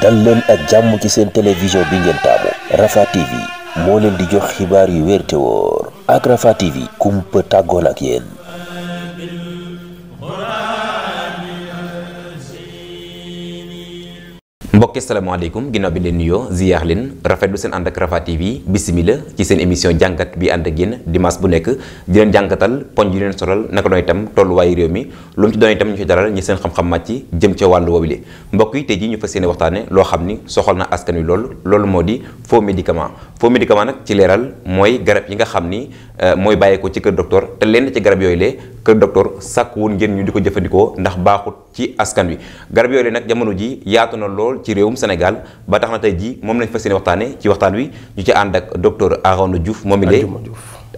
dal leen ak jàmm ci seen télévision bi ngeen taamu Rafah TV moo leen di jox xibaar yu wér te wóor ak Rafah TV kumpa tàggoon ak yéen mbokki salaamaaleykum ginnaaw bi leen nuyoo ziyaar leen rafetlu seen ànd ak Rafah TV bisimila ci seen émission jàngat bi ànd ak yéen dimanche bu nekk di leen jàngatal poñ yu leen solal naka noonu itam tolluwaayu réew mi lu mu ci doon itam ñu ci dalal ñi seen xam-xam màcc jëm ca wàllu woowu li mbokk yi tey ji ñu fas yéene waxtaane loo xam ni soxal na askan wi loolu loolu moo di faux médicament faux médicament nag ci leeral mooy garab yi nga xam ni euh, mooy bàyyeekoo ci kër docteur te lenn ci garab yooyu lee kër docteur sàkk woon ngeen ñu di ko jëfandikoo ndax baaxut ci askan wi garab yooyu nag jamono ji yaatu na lool ci réewum Sénégal ba tax na tey jii moom lañ fa yéene waxtaane ci waxtaan wi ñu ci ànd ak docteur Arona Diouf moom ile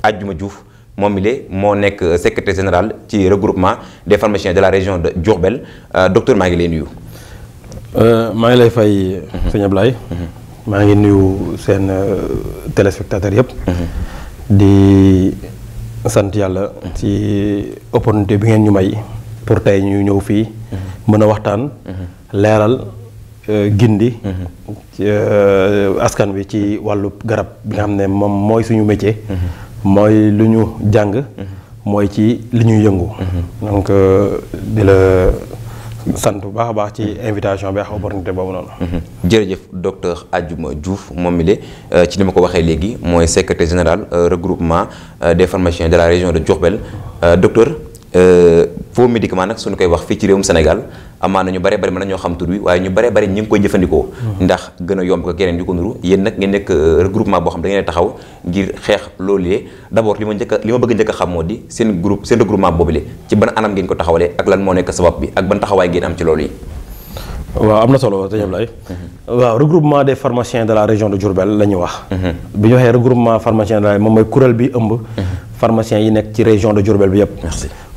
Adjuma Diouf moom ile moo nekk secrétaire général ci regroupement de pharmaciens de la région de Diourbel euh, docteur maa ngi lay nuyu euh, maa ngi lay fay mhm. sëñ Ablaye mhm. maa ngi nuyu seen euh, téléspectateurs yëpp mhm. di sant yàlla ci opportunité bi ngeen ñu may pour tey ñu ñëw fii mën a waxtaan leeral euh, gindi euh, askan wi ci wàllu garab bi nga xam ne moom mooy suñu métier mooy lu ñu jàng mooy ci li ñuy yëngu donc euh, di la sant bu baax a baax ci invitation bi ak opportunité boobu noonu. jërëjëf docteur Adiouma Diouf moom mi ci ni ma ko waxee léegi mooy secrétaire général regroupement des pharmaciens de la région de Diourbel docteur Euh, faux médicament nag suñu koy wax fii ci réewum Sénégal amaa na ñu bare bari mën na ñoo xam tur wi waaye ñu bare bari ñi ngi koy jëfandikoo ndax gën a yomb ko keneen yu ko nuru yéen nag ngeen nekk euh, regroupement boo xam da ngeen taxaw ngir xeex loolee d' abord li ma njëkk li ma bëgg a moo di seen groupe seen regroupement boobule ci ban anam ngeen ko taxawalee ak lan moo nekk sabab bi ak ban taxawaay am ci loolu yi am na solo sëñ Ablaye waaw regroupement des pharmaciens de la région de Diourbel la ñu wax bi ñu waxee regroupement pharmacien de la moom mooy kuréel bi ëmb pharmaciens yi nekk ci région de Diourbel bi yëpp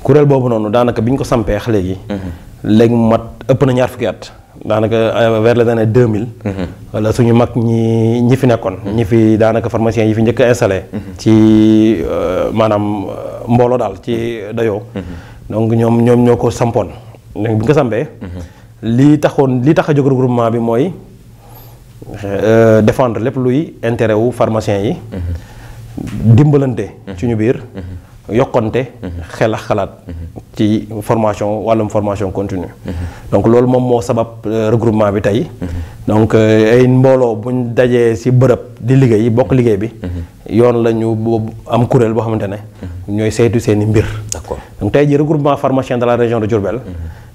kuréel boobu noonu daanaka bi ñu ko sampee xale yi. Mhm. léegi mu mat ëpp na ñaar fukki at. daanaka euh, vers les années 2000. Mhm. wala suñu mag ñi ñi fi nekkoon. Mhm. ñi fi daanaka pharmaciens yi fi njëkk a installé. ci euh, maanaam euh, mbooloo daal ci dayoo. donc ñoom ñoom ñoo ko sampoon. donc bi ñu sampee. lii taxoon lii tax a jog regroupement bi mooy défendre lépp luy intérêt wu pharmaciens yi. dimbalante ci ñu biir. yokkante mhm. xel ak xalaat mhm. ci formation wàllum formation continue mhm. donc loolu moom moo sabab euh, regroupement bi tey donc euh, ay mbooloo buñ dajee ci bërëb di liggéey bokk liggéey bi yoon la ñu am kuréel boo xamante ne ñooy seetu seen i mbir d'accord tey ji regroupement pharmacien de la région de Diourbel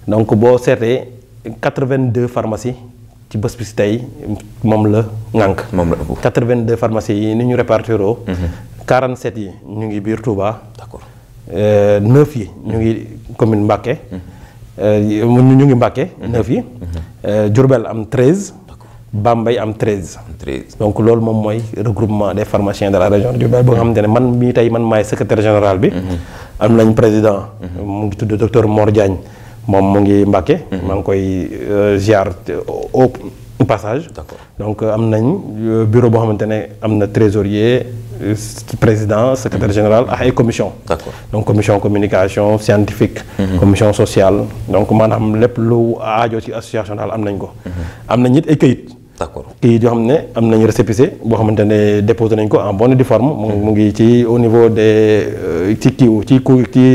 donc boo seetee quatre-vingt-deux pharmacie ci bés bi si tey moom la ŋànk moom la ëpp 82 pharmacie yi ni ñu répartiroo 47 yi ñu ngi biir Touba. d'accord euh, neuf yi ñu ngi commune Mbacké. Euh, ñu ngi Mbacké neuf yi. Euh, Diourbel am 13. Bambey am 13. 13 donc loolu moom mooy regroupement des pharmaciens de la région de Diourbel boo nga xamante ne man mii tey man maay secrétaire général bi. Mhm. am nañ président. Mhm. mu ngi tudd docteur Mor Diagne moom mu ngi Mbacké. Mhm. maa ngi koy ziar au passage. donc euh, am nañ euh, bureau boo xamante ne am na trésorier euh, président secrétaire général ah ay commission donc commission communication scientifique. Mhm. commission sociale donc maanaam lépp lu aajo ci association daal am nañ ko. Mhm. am nañ it ay kayit. d'accord kayit yoo xam ne am nañ récépissé boo xamante ne déposé nañ ko en bonne et due forme. mu mhm. ngi ci au niveau des ci kiiw ci ku ci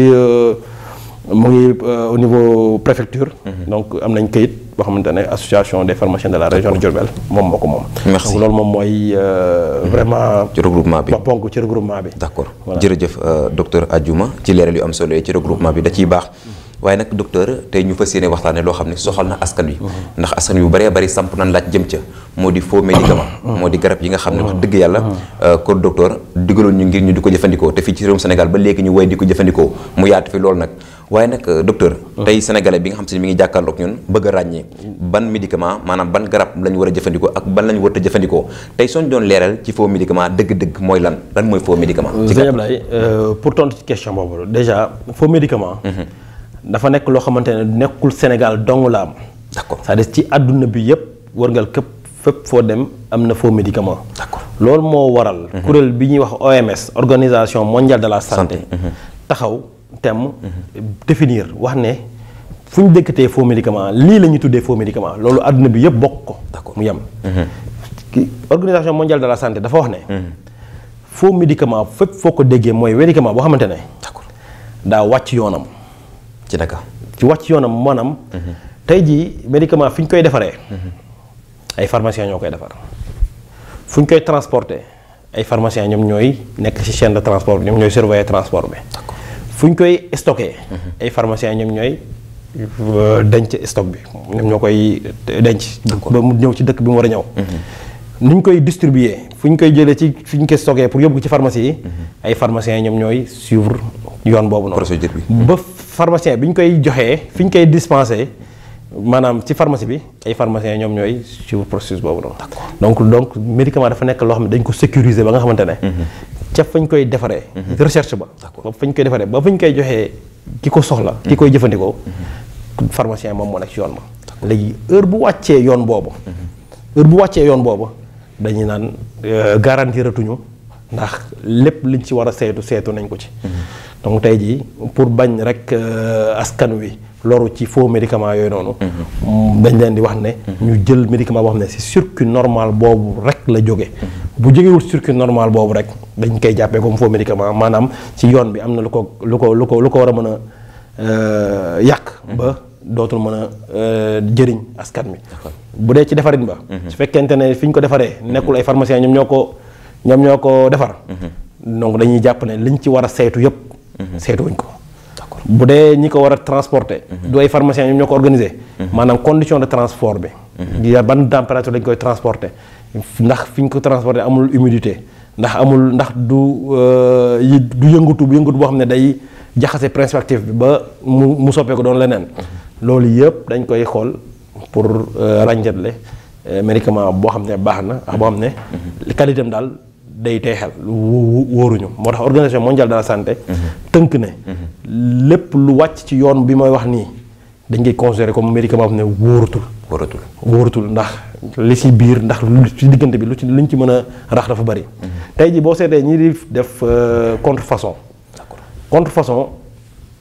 mu ngi au niveau préfecture. donc am nañ kayit. boo xamante ne association de pharmaciens de la région de Diourbel moom moo ko moom. merci donc loolu moom mooy euh, mhm. vraiment. ci regroupement bi ba ponk ci regroupement bi. d' accord jërëjëf euh, docteur Adjuma ci leeral yu am solo ci bi da ciy baax. waaye nag docteur te ñu fas yéene waxtaane loo xam ne soxal na askan wi mhm. ndax askan yu baree bëri samp nan laaj jëm ca moo di faux médicament mhm. moo di garab yi nga xam ne wax dëgg yàlla euh, ko docteur digaloon ñu ngir ñu di ko jëfandikoo te fii ci réewum Sénégal ba léegi ñu way di ko jëfandikoo mu yaatu fi loolu nag waaye nag euh, docteur. tey sénégalais bi nga xam si mi ngi jàkkaarloog ñun bëgg a ràññee ban médicament maanaam ban garab lañ war a jëfandikoo ak ban lañ war a jëfandikoo tey soo ñu doon leeral ci faux médicament dëgg-dëgg mooy lan lan mooy foo médicament. Euh, ci gàttal euh, pour tontu ci question boobu déjà faux médicament. Mhm. dafa nekk loo xamante ne nekkul Sénégal dong la am. d'accord cest ci àdduna bi yëpp wërngal képp fépp foo dem am na foo médicament. d'accord loolu moo waral. Mhm. kuréel bi ñuy wax OMS organisation mondiale de la santé. Mhm. taxaw. thème définir wax ne fu ñu dëkkatee faux médicament lii la ñuy tuddee foo médicament loolu àdduna bi yëpp bokk ko mu yem mhm. organisation mondiale de la santé dafa wax ne mhm. faux médicament fépp foo ko déggee mooy médicament boo xamante ne daa wàcc yoonam ci Dakar ci wàcc yoonam maanaam mhm. tey ji médicament fi ñu koy defaree ay pharmaciens ñoo koy defar fu ñu koy transporter ay pharmaciens ñoom ñooy nekk ci chaîne de transport bi ñoom ñooy surveiller transport bi fu ñu koy stocké. ay pharmaciens ñoom ñooy euh, denc stock bi. ñoom ñoo koy denc. ba mu ñëw ci dëkk bi mu war a ñëw. Mhm. ni ñu koy distribuer fu ñu koy jëlee ci fi ñu koy stocké pour yóbbu ko ci pharmacie yi. Mhm. ay pharmaciens ñoom ñooy suivre yoon boobu noonu. procédure bi ba pharmacien bi ñu koy joxee fi ñu koy dispensé. maanaam ci pharmacie bi ay pharmaciens ñoom ñooy suivre processus boobu noonu. donc donc médicament dafa nekk loo xam ne dañ ko sécuriser ba nga xamante ne. Mhm. ca fañ koy defaree. Mhm. recherche ba. ba fañ koy defaree ba fañ koy joxee ki ko soxla. ki mhm. koy jëfandikoo. Mhm. pharmacien moom moo nekk ci yoon ma. léegi heure bu wàccee yoon boobu. heure bu wàccee yoon boobu dañuy naan euh, garantiratuñu. ndax lépp li liñ ci war a seetu seetu nañ ko ci. Mm-hmm. donc tey jii pour bañ rek euh, askan wi loru ci foo médicament yooyu noonu. Mm-hmm. dañ leen di wax ne. Mm-hmm. ñu jël médicament boo xam ne si circuit normal boobu rek la jóge bu jógewul circuit normal boobu rek dañ koy jàppee comme faux médicament maanaam ci yoon bi am na lu ko lu ko lu ko lu ko war a mën a euh, yàq ba. dootul mën a euh, jëriñ askan wi. bu dee ci defarin ba. su fekkente ne fi ñu ko defaree. nekkul ay pharmaciens ñoom ñoo ko. ñoom ñoo ko defar. Mhm. donc dañuy jàpp ne liñ ci war a saytu yëpp. Mhm. saytuwuñ ko. bu dee ñi ko war a transporter. Mhm. du ay pharmaciens ñoom ñoo ko organiser. maanaam condition de transport bi. ban température lañ koy transporter ndax fi ko transporter amul humidité ndax amul ndax du euh, yi du yëngatu bu boo xam ne day jaxase principe bi ba mu mu soppee ko doon leneen. loolu yëpp dañ koy xool pour euh, ràññeetle euh, médicament boo xam ne baax na ak boo xam ne. qualité am daal. day teexal wóoruñu moo tax organisation mondiale de la mhm. tënk ne. Mhm. lépp lu wàcc ci yoon bi mooy wax nii dañ koy considéré comme médicament am ne wóorutul. wóorutul wóorutul ndax li si biir ndax lu ci diggante bi lu ci luñ ci mën a rax dafa bari. Mhm. tey ji boo seetee ñi di def euh, contrefaçon. d'accord contrefaçon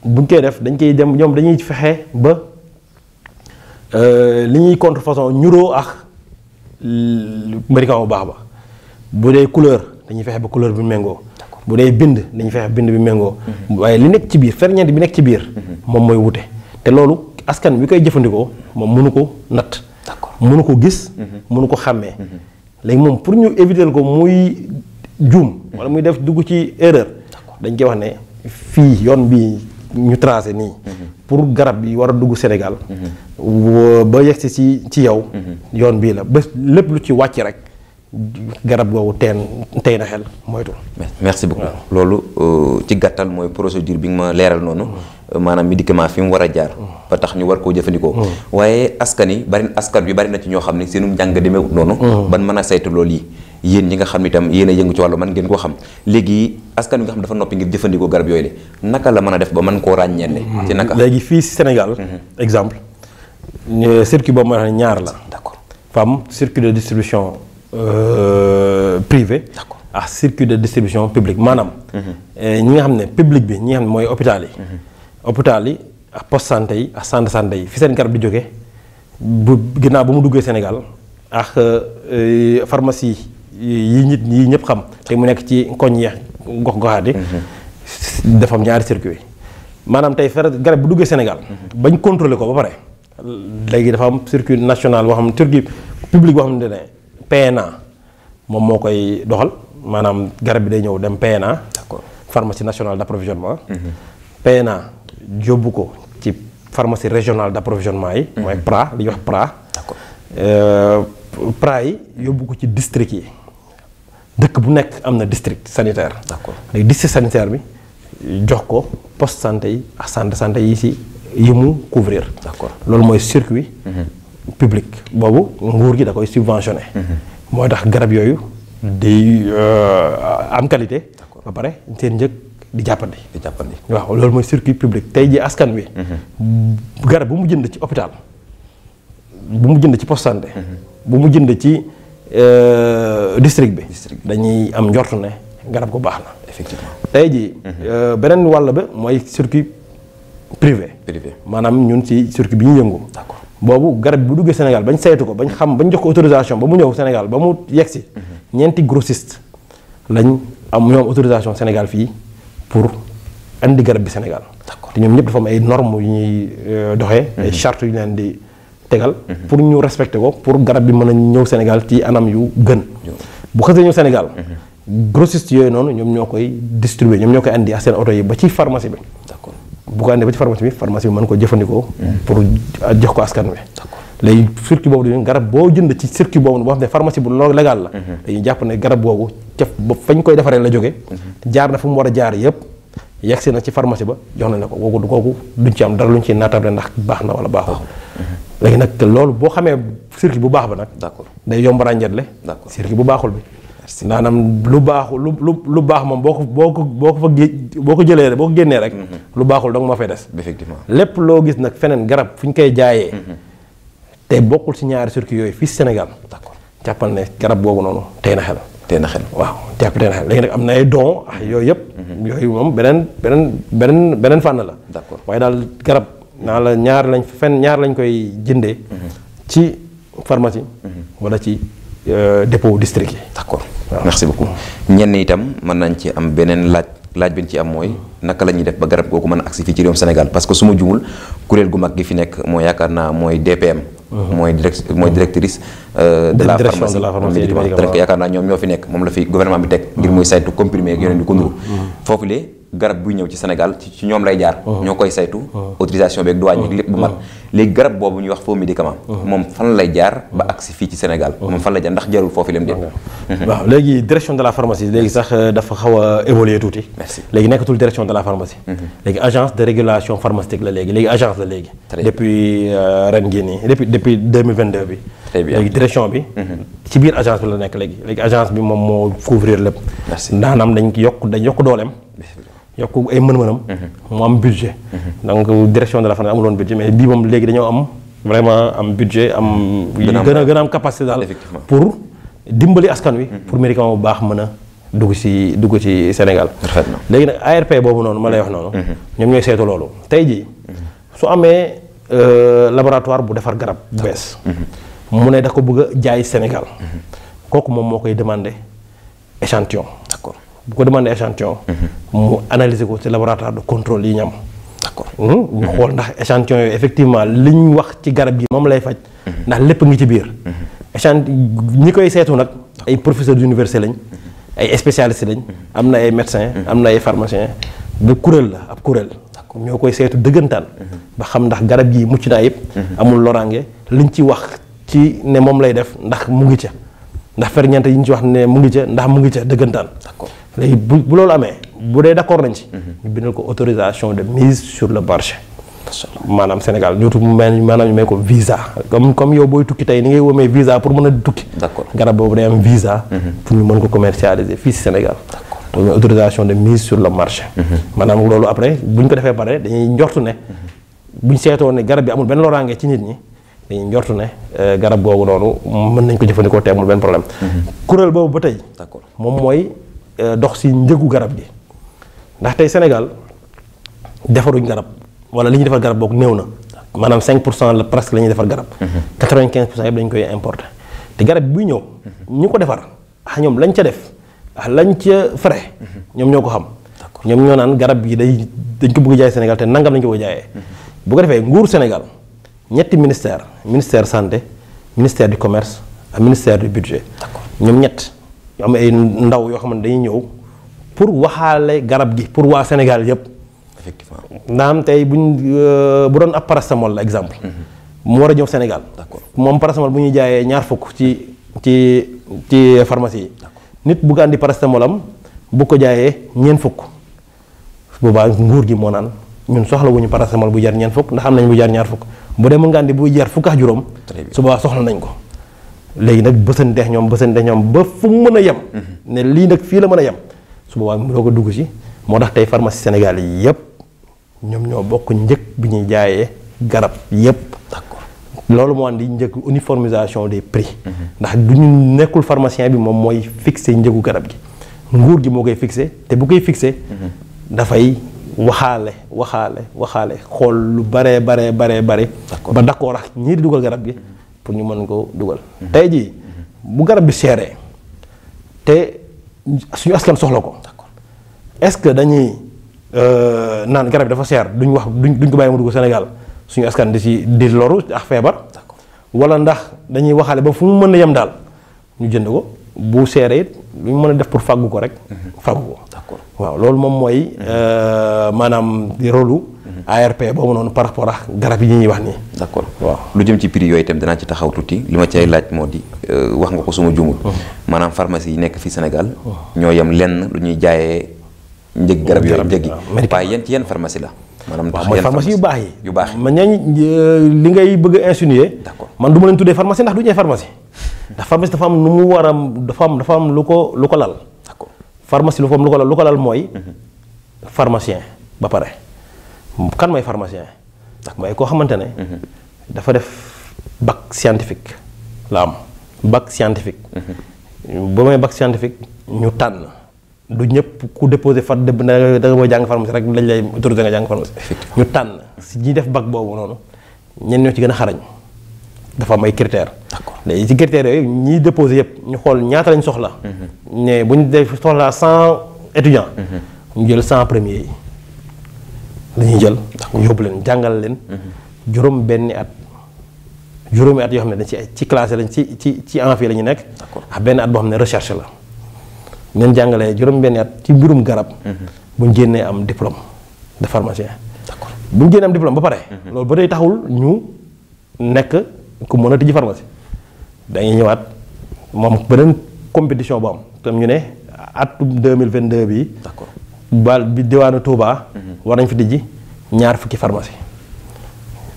buñ koy def dañ koy dem ñoom dañuy fexe ba euh, li ñuy contrefaçon ñuroo ak médicament bu baax ba. bu dee couleur dañuy fexe ba couleur bi méngoo bu dee bind dañuy fexe bind bi méngoo mhm. waaye li nekk ci biir ferñeent bi nekk ci biir mhm. moom mooy wute te loolu askan wi koy jëfandikoo moom munu ko natt mënu ko gis mhm. mënu ko xàmmee léegi moom pour ñu éviter ko muy juum wala muy def dugg ci erreur dañ koy wax ne fii yoon bi ñu tracé nii pour garab bi war a dugg Sénégal ba yegsi ci ci yow yoon bii la ba lépp lu ci wàcc rek garab googu teen tey na xel moytu. merci beaucoup loolu euh, ci gàttal mooy procédure bi nga ma leeral noonu. Mm. Euh, maanaam médicament fi mu war a jaar. Mm. ba tax ñu war koo jëfandikoo. Mm. waaye askan yi bari askan bi bari na ci ñoo xam ne seenum njàng demeewut noonu. ban mën a saytu loolu yi. yéen ñi nga xam ni itam yéen a yëngu ci wàllu man ngeen koo xam léegi askan wi nga xam dafa noppi ngir jëfandikoo garab yooyu de naka la mën a def ba man koo ràññeele. ci naka léegi fii Sénégal. Mm-hmm. exemple euh, circuit boobu ma ne ñaar la. d'accord femme circuit de distribution Euh, privé ak circuit de distribution public maanaam mhm. eh, ñi nga xam ne public bi ñi nga xam ne mooy hôpital yi mhm. hôpital yi ak poste santé yi ak centre santé yi fi seen garab di jóge bu ginnaaw ba mu duggee Sénégal ak eh, pharmacie yi nit yi ñëpp xam te mu nekk ci koñ yeex gox goxaat yi mhm. dafa am ñaari circuit maanaam tey fer garab bu duggee Sénégal bañ contrôler ko ba pare léegi dafa am circuit national boo xam circuit public boo ne PNA moom moo koy doxal maanaam garab bi day ñëw dem PNA. d'accord pharmacie nationale d'approvisionnement. PNA yóbbu ko ci pharmacie régionale d'approvisionnement yi. mooy PRA li ñuy wax PRA. Euh, PRA yi yóbbu ko ci district yi dëkk bu nekk am na district sanitaire. d'accord léegi district sanitaire bi jox ko poste santé yi ak centre santé yi si yi mu couvrir. loolu mooy circuit. Mhm. publique boobu nguur gi da koy subventionné. moo tax garab yooyu di euh, am qualité. ba pare seen njëg di jàppandi. di waaw loolu mooy circuit public tey jii askan wi. Mhm. garab bu mu jënd ci hôpital bu mu jënd ci poste mhm. bu mu jënd ci euh, district bi. dañuy am njortu ne garab gu baax na. effectivement tey jii. Mhm. Euh, beneen wàll ba mooy circuit privé. privé maanaam ñun ci circuit bi ñu yëngu. boobu garab bi bu duggee Sénégal bañ saytu ko bañ xam bañ jox ko autorisation ba mu ñëw Sénégal ba mu yegsi mhm. ñeenti grossiste lañ am ñoom autorisation Sénégal fii pour andi garab bi Sénégal. d'accord te ñoom ñëpp dafa ay normes yu ñuy euh, doxee. Mhm. ay yu ñu leen di tegal. Mhm. pour ñu respecter ko pour garab bi mën a ñëw Sénégal ci anam yu gën. bu xasee ñëw Sénégal. grossiste yooyu noonu ñoom ñoo koy distribuer ñoom ñoo koy indi ak seen oto yi ba ci pharmacie bi. bu ko àndee ba ci pharmacie bi pharmacie bi mën ko jëfandikoo. pour jox ko askan wi. léegi circuit boobu dañuy garab boo jënd ci circuit boobu ne pharmacie bu loolu légal la. Mhm. dañuy garab boobu ca fañ koy defaree la jóge mhm. jaar na fu mu war a jaar yëpp. yegsi na ci pharmacie ba jox nañ la ko kooku kooku duñ ci am dara luñ ci naatable ndax baax na wala baaxul. léegi nag loolu boo xamee circuit bu baax ba nag. d'accord day yomb ràññeetle. d'accord circuit bu baaxul bi. naanaam lu baaxul lu lu lu baax moom boo ko boo ko boo ko boo ko jëlee rek boo ko génnee rek. Mhm. lu baaxul dong moo fay des. effectivement lépp loo gis nag feneen garab fu ñu koy jaayee. Mhm. te bokkul ci ñaari circuit yooyu fii Sénégal. d'accord jàppal ne garab boobu noonu tey na xel. tey na waaw jàpp tey na xel léegi nag am na ay don ah mhm. yooyu yëpp. yooyu moom beneen beneen beneen beneen fànn la. d'accord waaye daal garab naa la ñaar lañ fen ñaari lañ koy jëndee. ci pharmacie. wala ci euh, dépôt district yi. d'accord. merci beaucoup ñenn itam mën nañ ci am beneen laaj laaj bi ci am mooy naka la ñuy def ba garab googu mën a agsi fii ci réewum Sénégal parce que su ma jumul kuréel gu mag gi fi nekk moo yaakaar naa mooy DPM. Mhm. mooy direct mooy directrice. Euh, de la pharmacie de la pharmacie du médicament yaakaar naa ñoom ñoo fi nekk moom la fi gouvernement bi teg. ngir muy saytu comprimé ak yeneen yu ko nuru. Mhm. Mhm. foofu le garab buy ñëw ci Sénégal ci ñoom lay jaar. ñoo koy saytu. autorisation beeg douane yi lépp léegi garab boobu ñuy wax faux médicament uh-huh. moom fan lay jaar ba uh-huh. agsi fii ci Sénégal uh-huh. moom fan la jaar ndax jarul foofu leen dé waaw léegi direction de la pharmacie léegi sax euh, dafa xaw a évoluer tuuti léegi nekkatul direction de la pharmacie léegi agence de régulation pharmaceutique la léegi léegi agence la léegi depuis euh, ren gii nii depuis depuis 2022 bi léegi direction bi ci biir agence bi la nekk léegi léegi agence bi moom moo couvrir lépp naanaam dañ ki yokk dañ yokk dooleem yokk ay mën-mënam. Mhm. mu am budget. Mhm. donc direction de la FANAC amuloon budget mais bii moom léegi dañoo am vraiment am budget am. gën a gën a am capacité daal pour dimbali askan wi. Mhm. pour médicament bu baax mën a dugg ci dugg ci Sénégal. léegi nag ARP boobu noonu ma lay wax noonu. ñoom ñooy saytu loolu tey jii su amee euh, laboratoire bu defar garab bu bees. mu ne da ko bëgg jaay Sénégal. kooku moom moo koy demandé échantillon. bu ko demandé échantillon. Mm-hmm. mu analyser ko ci laboratoire de contrôle yi ñam d'accord ñu hmm? mm-hmm. xool ndax échantillon yooyu effectivement liñ wax ci garab gi moom lay faj. Mm-hmm. ndax lépp ngi ci biir. échantillon ñi koy seetu nag ay professeurs d'université lañ. ay spécialistes lañ. am na ay médecins. am na ay pharmaciens. bu kuréel la ab kuréel. d'accord ñoo koy seetu dëggantaan. ba xam ndax garab yi mucc naa yëpp. amul loraange liñ ci wax ci ne moom lay def ndax mu ngi ca. ndax ferñeent yi ñu ci wax ne mu ngi ca ndax mu ngi ca dëggantaan. d'accord léegi bu bu loolu amee bu dee d'accord nañ ci. Mhm. ñu bindal ko autorisation de mise sur le marché. maanaam Sénégal ñuutu maanaam ñu may ko visa comme comme yow booy tukki tey ni ngay woomee visa pour mën a tukki. d'accord garab boobu day am visa. Mhm. pour ñu mën ko commercialiser fii si Sénégal. loolu mooy autorisation de mise sur le marché. Mhm. maanaam loolu après bu ñu ko defee pare dañuy njortu ne. bu seetoo ne garab bi amul benn loraange ci nit ñi dañuy njortu ne euh, garab googu noonu mën nañ ko jëfandikoo te amul benn problème. kuréel boobu ba Euh, dox si njëgu garab gi ndax tey Sénégal defaruñ garab wala li ñuy defar garab boog néew na maanaam 5 pour cent la presque la ñuy defar garab. 95 mhm. pour cent yëpp dañ koy importer te garab bi ñëw. Mhm. ñu ko defar ah ñoom lañ ca def ah lañ ca frais. Mhm. ñoom ñoo ko xam. ñoom ñoo naan garab yi day dañ ko bëgg jaay Sénégal te nangam lañ ko bëgg jaaye bu ko defee nguur Sénégal ñetti ministère ministère santé ministère du commerce ak ministère du budget. ñoom ñett. ñu am ay ndaw yoo xam ne dañuy ñëw pour waxaale garab gi pour waa Sénégal yëpp. effectivement naam tey bu ñu euh, bu doon ab paracétamol la exemple. Mhm. mu war a ñëw Sénégal. d'accord moom paracétamol bu ñuy jaayee ñaar fukk ci ci ci pharmacie yi. nit bu ko andi paracétamol am bu ko jaayee ñeent fukk bu boobaa nguur gi moo naan ñun soxla wu ñu paracétamol bu jar ñeent fukk ndax am nañ bu jar ñaar fukk bu dee mu nga andi bu jar fukk ak juróom. su soxla nañ ko. léegi nag bësanteex ñoom bësanteex ñoom ba fu mu mën a yem. Mhm. ne lii nag fii la mën a yem su boobaa mu doo ko dugg si moo tax tey pharmacie Sénégal yi yëpp ñoom ñoo bokk njëg bi ñuy jaayee garab yëpp. d'accord loolu moo andi njëg uniformisation des prix. Mhm. ndax du ñu nekkul pharmacien bi moom mooy fixé njëgu garab gi nguur gi moo koy fixé te bu koy fixé. Mhm. dafay waxaale waxaale waxaale xool lu baree baree baree bare. ba d'accord ak ñii di dugal garab gi. pour ñu mën ko dugal. Mhm. tey jii bu garab bi seeree te suñu askan soxla ko. est-ce que dañuy euh, naan garab bi dafa seer duñ wax duñ duñ ko bàyyi mu dugg Sénégal suñu askan di si di loru ak feebar. wala ndax dañuy waxaale ba fu mu mën a yem daal ñu jënd ko bu seeree it lu ñu mën a def pour fàggu ko rek. Mhm. fàggu ko. waaw loolu moom mooy mhm. euh, maanaam rôle ARP boobu noonu par rapport ak garab yi ñuy wax nii. accord waaw lu jëm ci prix yooyu itam danaa ci taxaw tuuti li ma cay laaj moo di euh, wax nga ko suma jumul. Oh. maanaam pharmacie yi nekk fi Sénégal. Oh. ñoo yem lenn lu ñuy jaaye njëg garab yooyu njëg yi waaye yéen ci yenn pharmacie la. maanaam tax mooy pharmacie yu baax yi yu baax yi. man ñañ euh, li ngay bëgg a insinuer. d' accord man du ma leen tuddee pharmacie ndax du ñu ay pharmacie. ndax pharmacie dafa am nu mu war a dafa am dafa am lu ko lu ko lal. d' accord pharmacie lu ko am lu ko lal mooy. Mhm. pharmacien ba pare. kan mooy pharmacien ndax mooy koo xamante ne. Mhm. dafa def bac scientifique la am bac scientifique. Mhm. ba may bac scientifique ñu tànn du ñëpp ku déposé fa dëbb na da nga boo jàng pharmacie rek lañ lay autorisé nga jàng pharmacie. ñu tànn si ñi def bac boobu noonu ñenn ñoo ci gën a xarañ dafa am ay critères. d'accord léegi ci critères yooyu ñii déposé yëpp ñu xool ñaata lañu soxla. Mhm. ne bu ñu def soxlaa cent étudiants. ñu jël cent premier yi. la ñuy jël ndax mu yóbbu leen jàngal leen mhm. juróom benni at juróomi at yoo xam ne dañ ci ci classé lañ ci ci ci enfi la ñu nekk ak benn at boo xam ne recherche la leen jàngalee juróom benni at ci mbirum garab mhm. buñ génnee am diplôme de pharmacien buñ génnee am diplôme ba pare mhm. loolu ba tey taxul ñu nekk ku mën a tijji pharmacie dañuy ñëwaat moom beneen compétition bu am tam ñu ne atum 2022 bi bal bi diwaanu Touba. Mhm. war nañ fi ji ñaar fukki pharmacie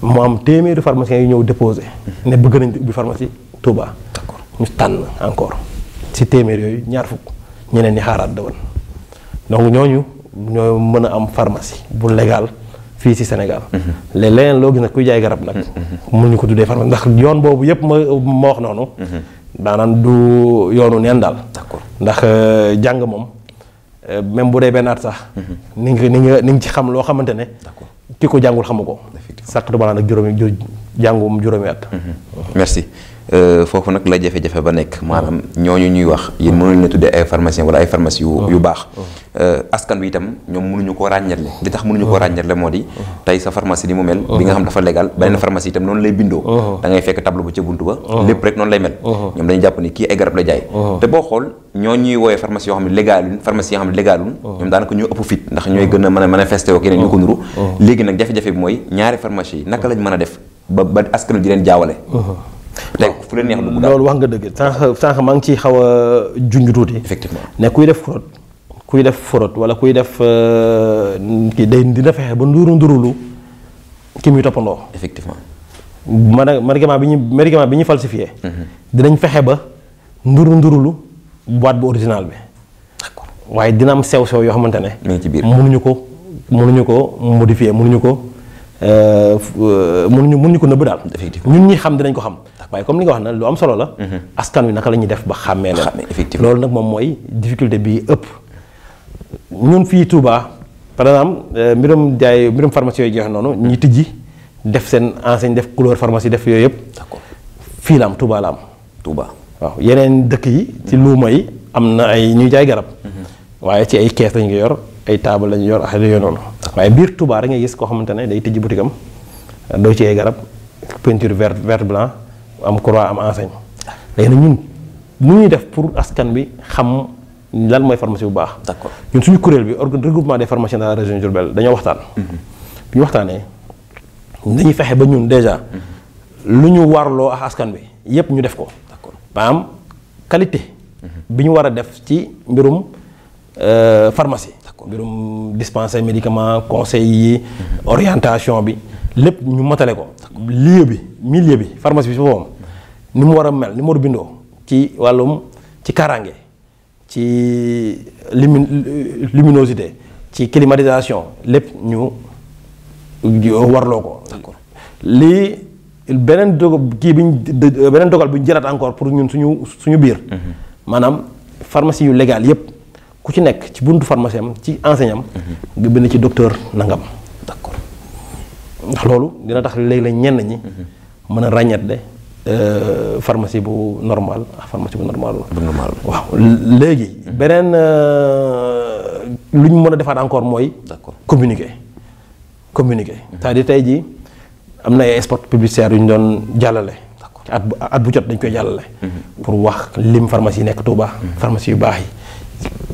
moo am téeméeri pharmaciens yu ñëw déposé. ne bëgg nañ di ubbi pharmacie Touba. d'accord ñu tànn encore si téeméer yooyu ñaar fukk ñeneen ñi xaaraat dawal donc ñooñu ñoo mën a am pharmacie bu legal fii si Sénégal. Mhm. léegi leneen loo gis nag kuy jaay garab nag. Mhm. mun ñu ko tuddee pharmacie ndax yoon boobu yépp ma ma wax noonu. daanaan du yoonu neen daal. d'accord ndax euh, jàng moom. Euh, même bu dee benn at sax. Mhm. ni nga ni nga ni nga ci xam loo xamante ne. d'accord ko jàngul xamu ko. effectivement sàq du ma naan ak juróomi jàngum juróomi at. Mhm. merci. Euh, foofu nag la jafe-jafe ba nekk maanaam ñu ñuy wax yéen mënuñu la tuddee ay pharmacien wala ay pharmacie yu yu baax oh. euh, askan wi tam ñoom mënuñu koo ràññatle li tax mënuñu koo oh. ràññatle moo di oh. tey sa pharmacie ni nga xam dafa légal beneen pharmacie itam noonu lay noonu lay mel ñoom dañu jàpp ni kii ay garab la jaay te boo ne légalun pharmacie yoo xam ne légalun ñoom daanaka ñoo ëpp fit ndax ñooy gën a mën a manifesté ak yeneen ñu ko nuru léegi nag jafe-jafe bi mooy ñaari pharmacie yi naka lañ mën a def ba ba askan di leen jaawale fu la loolu wax nga dëgg sànq sànq maa ngi ciy xaw a junj tuuti. effectivement ne kuy def fraude kuy def fraude wala kuy def euh, kii day dina fexe ba nduru ndurulu kii muy toppandoo. effectivement man médicament bi ñu médicament bi ñu falsifié. Mhm. dinañ fexe ba nduru ndurulu boîte bu original bi. waaye dina am sew sew yoo xamante ne. ci biir mënuñu ko mënuñu ko modifié mënuñu ko euh, euh, mënuñu mënuñu ko nëbb daal. ñun ñi xam dinañ ko xam. waaye comme li nga wax na lu am solo la. Mhm. askan wi naka la ñuy def ba xàmmee leen. effectivement loolu nag moom mooy difficulté bii ëpp. ñun fii Touba par exemple euh, mbirum jaay mbirum pharmacie yooyu joxe noonu ñi tijji def seen enseigne def couleur pharmacie def yooyu yëpp. d'accord fii la am Touba la am. Touba waaw yeneen dëkk yi. ci mhm. luuma yi am na ay ñuy jaay garab. Mhm. waaye ci ay kees lañu ko yor ay taabal lañu yor ay yooyu noonu. waaye biir Touba rek nga gis koo xamante ne day tijji boutique am doo ci ay garab peinture verte verte blanc. am croix am enseigne léegi nag ñun nu def pour askan bi xam lan mooy pharmacie bu baax. d'accord ñun suñu kuréel bi organ regroupement des pharmaciens de la région de Diourbel dañoo waxtaan. Mhm. bi ñu waxtaanee dañuy fexe ba ñun déjà mhm. lu ñu warloo ak askan bi yépp ñu def ko. d'accord maanaam qualité. Mhm. bi ñu war a def ci mbirum euh, pharmacie. mbirum dispensaire médicament conseil yi. orientation bi. lépp ñu motale ko lieu bi millier bi pharmacie bi si boppam ni mu war a mel ni mu war a bindoo ci wàllum ci kaaraange ci lumi luminosité ci climatisation lépp ñu warloo ko. d'accord beneen dogal kii bi ñu beneen dogal bi ñu jëlaat encore pour ñun suñu suñu biir. Mhm. maanaam pharmacie yu légal yépp ku ci nekk ci buntu pharmacie am ci enseignant am. Mhm. nga bind ci docteur nangam. ndax loolu dina tax léeg-léeg ñenn ñi mën a ràññat de euh, pharmacie bu normal ah pharmacie bu normal la. waaw léegi. beneen euh, lu ñu mën a defaat encore mooy. d'accord communiquer communiquer. cest tey jii am na ay spots publicitaires yu ñu doon jàllale. at bu at bu jot dañ koy jàllale. Mhm. pour wax lim pharmacie yi nekk Touba. Mhm. pharmacie yu baax yi.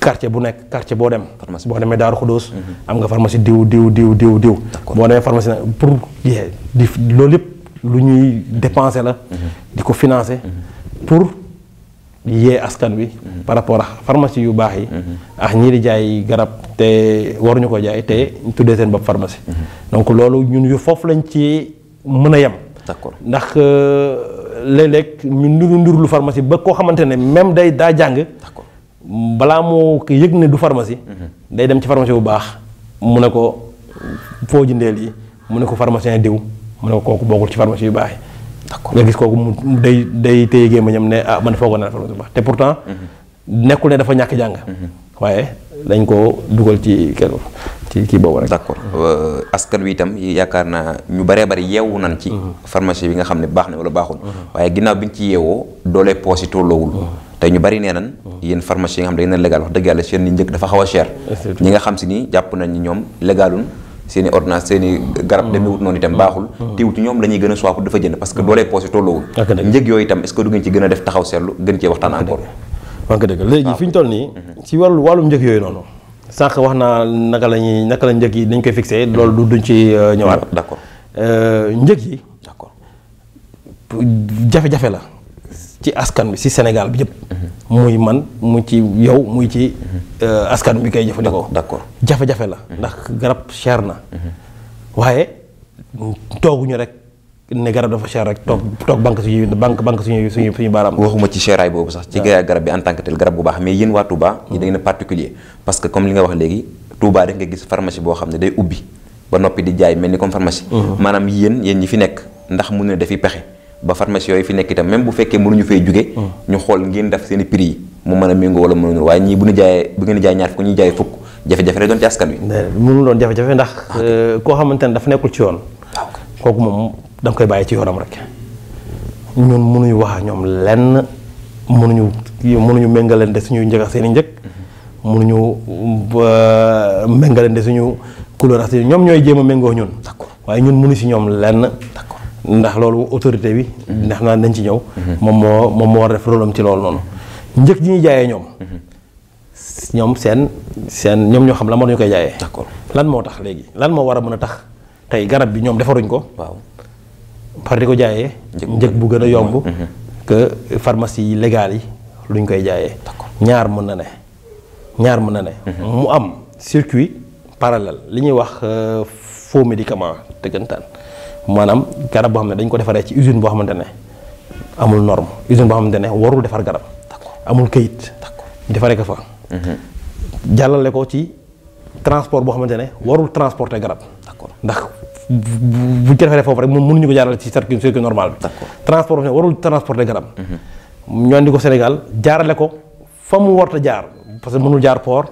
quartier bu nekk quartier boo dem. pharmacie boo demee Daaru Xudóos. Mhm. am nga pharmacie diw diw diw diw diw. boo demee pharmacie nag pour yee di loolu yëpp lu ñuy dépenser la. Mhm. di ko financé mhm. pour yee askan wi. par rapport ak pharmacie yu baax yi. ak ñii di jaay garab te waruñu ko jaay te ñu tuddee seen bopp pharmacie. donc loolu ñun yu foofu lañ ci mën a yem. d'accord ndax euh, léeg-léeg ñu nuru nuru lu pharmacie ba koo xamante ne même day daa jàng. balaa moo yëg ne du pharmacie. Mhm. day dem ci pharmacie bu baax mu ne ko foo jëndee lii mu ne ko pharmacien diw mu ne ko kooku bokkul ci pharmacie yu baax yi. d'accord nga gis kooku mu day day téye gémmiñam ne ah man foogoon naa pharmacie bu baax te pourtant. Mhm. nekkul ne dafa ñàkk jàng. Mhm. waaye dañ ko dugal ci kenn ci kii boobu rek. d'accord euh, askan wi itam yaakaar naa ñu baree bari yeewu nañ ci. pharmacie bi nga xam ne baax na wala baaxul. waaye ginnaaw bi ñu ci yeewoo doolee poos yi tolloowul. tey ñu bari nee nan yéen pharmacie yi nga xam dañ neen légal wax dëgg yàlla seen ni njëkk dafa xaw a ñi nga xam si nii jàpp nañ ñoom légalun seen i ordonnance seen i garab mm. demewut noonu itam mm. baaxul mm. téewuti ñoom la ñuy gën a soipu dafa jënd parce que doolee poosé tolloowul njëg yooyu itam est ce que du a def taxaw seetlu gën cee waxtaan encore waa mm-hmm. wàllu wàllum njëg yooyu noonu sànq wax naa naka la ñuy naka la njëg yi dañ koy fixé mm-hmm. loolu du duñ ci euh, ñëwaat d'accord euh, njëg yi d'accord jafe-jafe la ci askan bi si Sénégal bi yëpp. Mhm. muy man mu ci yow muy ci mhm. euh, askan bi koy jëfandikoo. d'accord jafe-jafe la. Mhm. ndax garab cher na. waaye tooguñu rek ne garab dafa cher rek toog banque suñuy banque suñu baaraam. waxuma ci cheraay boobu sax ci ah. garab bi en tant que garab bu baax mais yéen waa Touba. ñu da ngeen a particulier parce que comme li nga wax léegi Touba rek nga gis pharmacie boo xam ne day ubbi ba noppi di jaay mel ni comme pharmacie. maanaam yéen yéen ñi fi nekk ndax mun na dafiy pexe. ba pharmacie yooyu fi nekk itam même bu fekkee mënuñu fay jóge hmm. ñu xool ngeen def seen i prix yi mu mën a méngoo wala mënul waaye ñii bu ñu jaayee bu ngeen jaay ñaar fukk ñuy jafe ndax ah, euh, koo xamante ne dafa nekkul ci yoon ah, kooku moom da koy bàyyi ci yoonam rek ñun mënuñu wax ñoom lenn mënuñu mënuñu méngalante suñuy njëg seen i njëg mm-hmm. mënuñu euh, méngalante suñu couleur ak seen ñoom ñooy jéem méngoo ñun ndax loolu autorité bi ndax naan nañ ci ñëw moom moo moom moo war def rôle ci loolu noonu njëkk ji ñuy jaayee ñoom ñoom seen seen ñoom ñoo xam lan moo ñu koy jaayee d'accord lan moo tax léegi lan moo war a mën a tax tey garab bi ñoom defaruñ ko waaw di ko jaayee njëkk bu gën a yomb mm-hmm. que pharmacie yi légale yi luñ koy jaayee ñaar mën na ne ñaar mën na ne mm-hmm. mu am circuit parallèle li ñuy wax euh, faux médicament tëggantaan maanaam garab boo xam ne dañ ko defaree ci usine boo xamante ne amul norme usine boo xamante ne warul defar garab. amul kayit. defaree ko fa. Mhm. jàllale ko ci transport boo xamante ne warul transporter garab. ndax bu ñu ko defaree foofu rek moom mënuñu ko jaarale ci circuit circuit normal bi. transport boo warul transporter garab. Mhm. ñu andi ko Sénégal jaarale ko fa mu warta jaar parce que mënul jaar por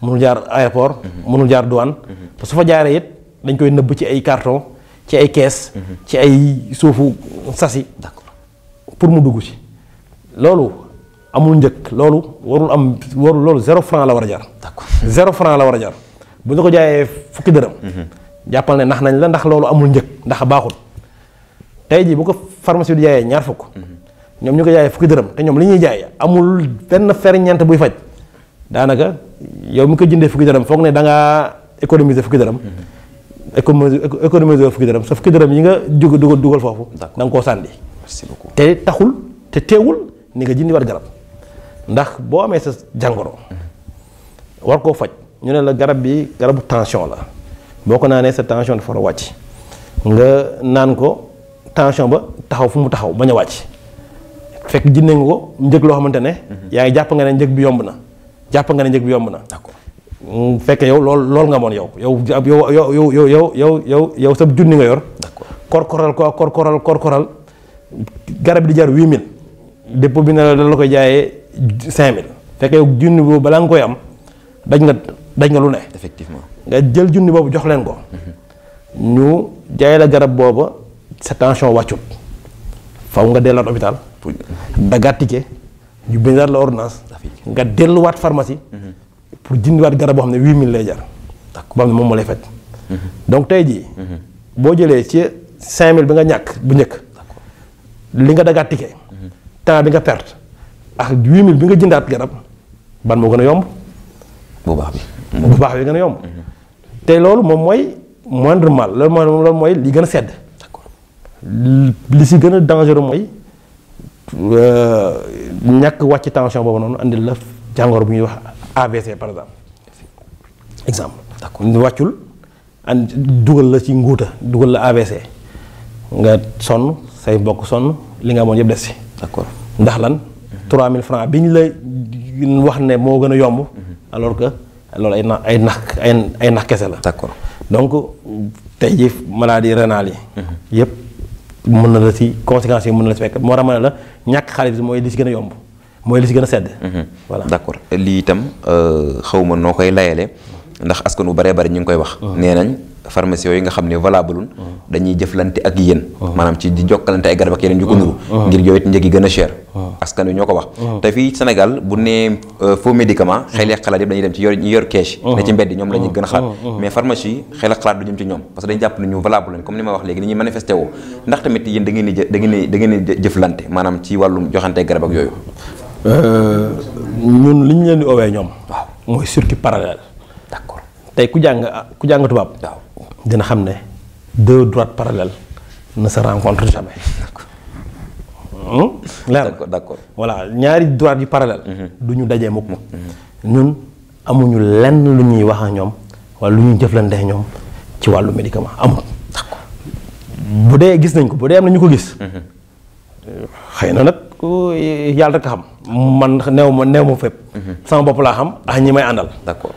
mënul jaar aéroport. Mhm. mënul jaar douane. su fa jaaree it dañ koy nëbb ci ay carton. ci ay kees. ci ay suufu sasi. d'accord pour mu dugg ci. loolu amul njëkk loolu warul am warul loolu zéro franc la war a jar. d'accord zéro franc la war a jar bu nga ko jaayee fukki dërëm. Mhm. jàppal ne nax nañ la ndax loolu amul njëkk ndax baaxul. tey jii bu ko pharmacie di jaayee ñaar fukk. Mhm. ñoom ñu ko jaayee fukki dërëm te ñoom li ñuy jaaye amul benn ferñeent buy faj. daanaka yow mu ko jëndee fukki dërëm foog ne da ngaa économiser fukki dërëm. Mhm. économiser fukki dërëm sa fukki dërëm yi nga jug dugal dugal foofu da nga koo sànni merci beaucoup te taxul te teewul ni nga jindi war garab ndax boo amee sa jàngoro war koo faj ñu ne la garab bi garabu tension la boo ko naanee sa tension dafa war a wàcc nga naan ko tension ba taxaw fu mu taxaw bañ a wàcc fekk jëndee nga ko njëg loo xamante ne mhm. yaay ngi jàpp nga ne njëg bi yomb na jàpp nga ne njëg bi yomb na mu mm, fekkee yow lool lool nga moon yow yow yow yow yow yow yow yow yow sa junni nga yor. korkoral ko korkoral korkoral garab di jar huit mille dépôt bi na la la koy jaayee cinq mille fekk yow junni boobu balaa nga koy am daj nga daj nga lu ne. effectivement nga jël junni boobu jox leen ko. Mm-hmm. ñu jaay la garab booba sa tension wàccut faw nga delluwaat hôpital. dagaat ticket ñu bindaat la ordonnance. nga delluwaat pharmacie. Mm-hmm. pour jëndiwaat garab boo xam ne 8000 lay jar. boo xam ne moom moo lay faj. Mhm. donc tey jii. Mhm. boo jëlee ci 5000 bi nga ñàkk bu njëkk. li nga dagaat ticket. Mhm. bi nga perte. ak 8000 bi nga jëndaat garab ban moo gën a yomb. bu baax bi. bu baax bi gën a yomb. tey loolu moom mooy moindre mal loolu mooy loolu mooy li gën a sedd. li si gën a dangereux mooy euh, ñàkk wàcc tension boobu noonu andil la jàngoor bu ñuy wax. AVC par exemple exemple ñu wàccul an dugal la ci nguuta dugal la AVC nga sonn say mbokk sonn li nga amoon yëpp des si d'accord ndax lan mille francs bi ñu lay wax ne moo gën a yomb mhm. alors que loolu ay nax ay nax ay ay nax kese la d'accord donc tey ji maladie rénale yi mhm. yëpp mën na la ci conséquences yi mën na la ci fekk moo tax ma ne la ñàkk xaalis bi mooy di ci gën a yomb mooy li si gën a sedd. Mhm. voilà d' accord lii itam euh, xaw ma noo koy layalee ndax askan wu baree bari ñu ngi koy wax. nee nañ pharmacie yooyu nga xam ne valable dañuy jëflante ak yéen. maanaam ci di jokkalante ay garab ak yeneen ngir yooyu it njëg yi gën a cher. askan ko wax. te fii Sénégal bu nee euh, faux médicament xel ak xalaat yëpp dañuy dem ci yor ñi yor a xalaat. mais pharmacie xel ak xalaat du jëm ci ñoom parce que dañu jàpp ne ñu ni ma wax léegi ni ñuy manifesté woo ndax tamit garab ak yooyu. Euh, ñun li ñu leen di owee ñoom. waaw mooy circuit parallèle. d'accord tey ku jàng ku jàng tubaab. dina xam ne deux droites parallèles ne se rencontrent jamais. d'accord hmm? d'accord voilà ñaari droites yu parallèle mm-hmm. du ñu dajee mukk mm-hmm. ñun amuñu lenn lu ñuy wax ak ñoom wala lu ñuy jëflante ak ñoom ci wàllu médicament amul. bu dee gis nañ ko bu dee am na ñu ko gis. Mm-hmm. xëy na nag. ku yàlla rek a xam. man néew ma néew ma fépp. sama bopp laa xam ak ñi may àndal. d'accord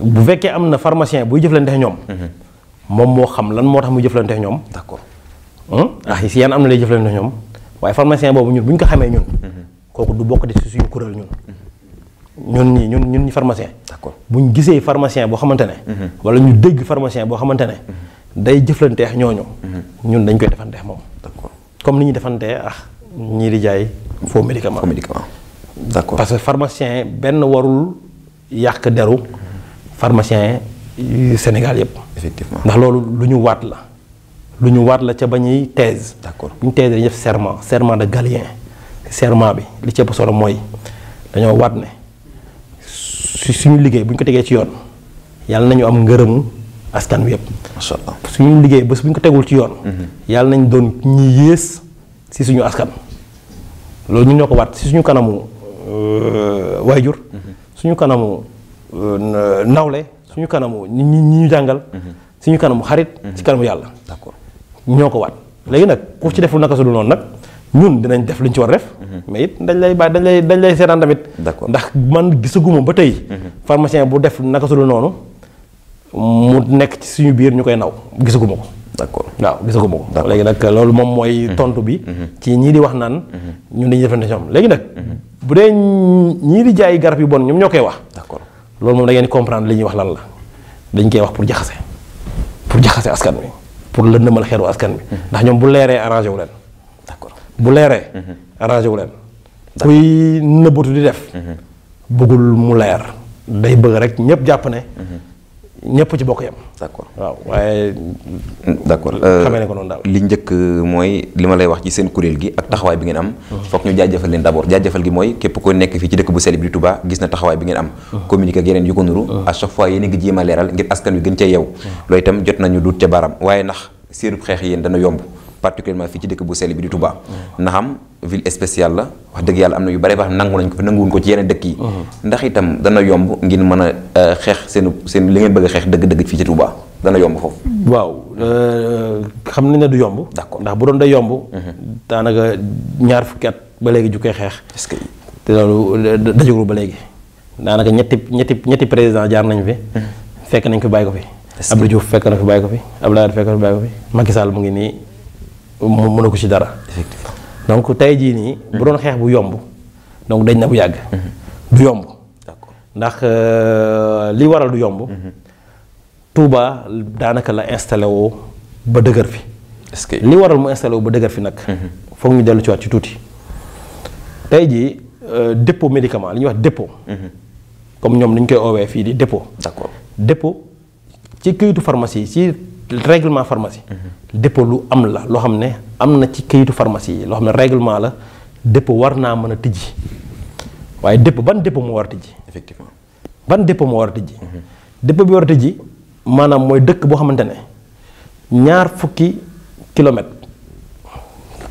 bu fekkee am na pharmacien buy jëflante ak ñoom. Mhm. moom moo xam lan moo tax muy jëflante ak ñoom. d'accord hmm? ah si yéen am na lay jëflante ak ñoom waaye pharmacien boobu ñun bu ñu ko xamee ñun. Mhm. kooku du bokk di si suñu kuréel ñun. Mhm. ñun ñii ñun ñun ñu pharmacien. d'accord bu ñu gisee pharmacien boo xamante ne. wala ñu dégg pharmacien boo xamante ne. day jëflanteex ñooñu. ñun dañ koy defanteex moom. d'accord comme ni ñuy defantee ah. ñii di jaay faux médicament. faux médicament d'accord parce que pharmacien benn warul yàq deru pharmacien yu Sénégal yëpp. ndax loolu lu ñu waat la. lu ñu waat la ca ba ñuy thèse. d'accord bu ñu thèse dañuy def serman serment de Galien serment bi li ci solo mooy dañoo waat ne su suñu liggéey bu ñu ko tegee ci yoon yàlla nañu am ngërëmu askan wi yëpp. suñu liggéey bés bu ñu ko tegul ci yoon. Mhm. yàlla nañ doon ñi yées ci suñu askan. loolu ñu ñoo ko waat si suñu kanamu euh, jur suñu kanamu euh, nawle suñu kanamu ñi ñi ñu jàngal suñu kanamu xarit ci kanamu yàlla d'accord ñoo ko waat léegi nag ku ci deful naka su noonu nag ñun dinañ def liñ ci war def mais it dañ lay bàyyi dañ lay dañ lay seetaan tamit ndax man gisaguma ba tey pharmacien bu def naka su dul noonu mu nekk ci suñu biir ñu koy naw gisaguma ko d'accord waaw gisaguma ko. léegi nag loolu moom mooy. Mhm. tontu bi. Mhm. ci ñii di wax naan. Mhm. ñun dañuy defante ñoom léegi nag. bu dee ñii di jaay garab yu bon ñoom ñoo koy wax. d'accord loolu moom da ngeen comprendre li ñuy wax lan la dañ koy wax pour jaxase pour jaxase askan wi pour lëndëmal xeeru askan bi ndax ñoom bu leeree arrangé wu leen. d'accord bu leeree. arrangé wu leen. kuy nëbbatu di def. bëggul mu leer. day bëgg rek ñëpp jàpp ne. ñëpp ci bokk yam d' accord waaw waaye. d' accord euh, xamee ne ko noonu daal. li njëkk euh, mooy li ma lay wax ci seen kuréel gi ak taxawaay bi ngeen am. Mhm. foog ñu jaajëfal leen d' abord jaajëfal gi mooy képp ko nekk fii ci dëkk bu sell bi di Touba gis na taxawaay bi ngeen am. Mhm. communiqué ak yeneen yu ko nuru. Mhm. à chaque fois yéen a ngi jéem a leeral ngir askan wi gën ca yeew. loolu itam jot nañu duut ca baaraam waaye nax séerub xeex yen dana yomb. particulièrement fii ci dëkk bu sell bi di Touba. ndax ville spéciale la wax dëgg yàlla am na yu bare baax nangu nañ ko fi nanguwuñ ko ci yeneen dëkk yi. ndax itam dana yomb ngeen mën a euh, xeex seen seen li ngeen bëgg a dëgg-dëgg fii ci Touba dana yomb foofu. waaw euh, xam nañ ne du yomb. d'accord ndax bu doon day yomb. Mhm. daanaka ñaar fukki at ba léegi ju koy xeex. est que te loolu euh, dajagul ba léegi daanaka ñetti ñetti ñetti président jaar nañ fi. Mhm. fekk nañ ko bàyyi ko fi. Abdou Diouf fekk na fi bàyyi ko fi Abdoulaye fekk na fi bàyyi ko fi Macky Sall mu ngi nii moom mënu ko ci dara. effectivement donc tey jii nii. bu doon xeex bu yomb donc dañ na bu yàgg. Mhm. du yomb. d'accord ndax euh, li waral du yomb. Mhm. Touba daanaka la installé woo ba dëgër fi. est que li waral mu installé ba dëgër fi nag. Mhm. foog ñu dellu ci waat ci tuuti. tey jii euh, dépôt médicament li ñuy wax dépôt. comme ñoom ni ñu koy oowee fii di dépôt. d'accord dépôt ci këyitu pharmacie ci. règlement pharmacie. Mhm. dépo lu am la loo xam ne am na ci kayitu pharmacie yi loo xam ne règlement la dépo war naa mën a tijji waaye dépôt ban dépo moo war a tijji. effectivement ban dépo moo war a tijji. Mhm. dépo bi war a tijji maanaam mooy dëkk boo xamante ne ñaar fukki kilomètre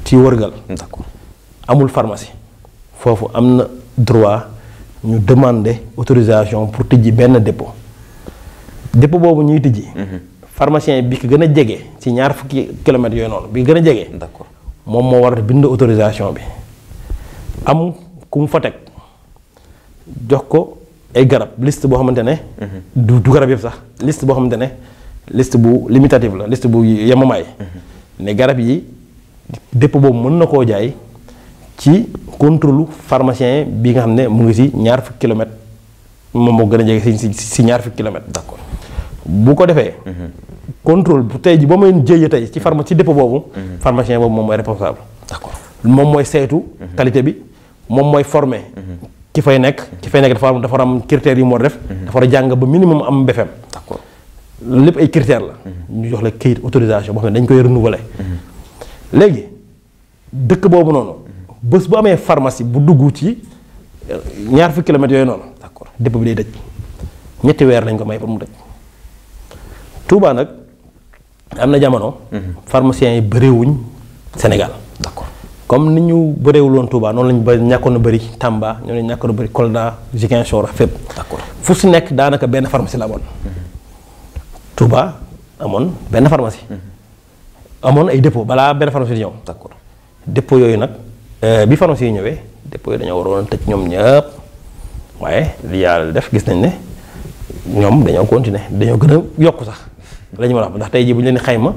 ci wërgal. d'accord amul pharmacie foofu am na droit ñu demander autorisation pour tijji benn dépôt dépôt boobu ñuy tijji. Mhm. pharmacien bi ko gën a jege ci ñaar fukki kilomètres yooyu noonu bi gën a jege. d'accord moom moo war a bind autorisation bi am ku mu fa teg jox ko ay garab liste boo xamante ne. Mhm. du garab yëpp sax liste boo xamante ne liste bu limitative la liste bu yemamaay. Mhm. ne garab yi dépôt boobu mën na koo jaay ci contrôle pharmacien bi nga xam ne mu ngi si ñaar fukki kilomètres moom moo gën a jege si si ñaar fukki kilomètres. d'accord bu ko defee. Mhm. contrôle bu tey ji ba ma leen jëyee tey ci pharmacie ci dépôt boobu. Mhm. pharmacien boobu moom mooy responsable. moom mooy saytu. Mhm. qualité bi moom mooy former. Mhm. ki fay nekk ki fay nekk dafa am dafa am critères yi moo def. dafa war a jàng ba minimum am BFEM. d'accord lépp ay critères la. ñu jox la kayit autorisation boo xam ne dañ koy renouveler. léegi dëkk boobu noonu. bés bu amee pharmacie bu dugg ci euh, ñaar fukki kilomètres yooyu noonu. d'accord dépôt bi day dëj ñetti weer lañ ko may pour mu dëj. Touba nag am na jamono. Mhm. pharmaciens yi bëriwuñ Sénégal. d'accord comme ni ñu bëriwuloon Touba noonu lañu bëri ñàkkoon a bëri Tamba ñoo lañ ñàkkoon a Kolda Ziguinchor ak fépp. d'accord fu si nekk daanaka benn pharmacie la amoon. Mhm. Touba amoon benn pharmacie. Mhm. amoon ay dépôt balaa benn pharmacie di ñëw. yooyu nag euh, bi pharmacie yi ñëwee dépôt dañoo waroon a tëj ñoom ñëpp waaye li yàlla def gis nañ ne ñoom dañoo continuer dañoo gën a yokk sax. la ñu war a xam ndax tey bu ñu leen xayma.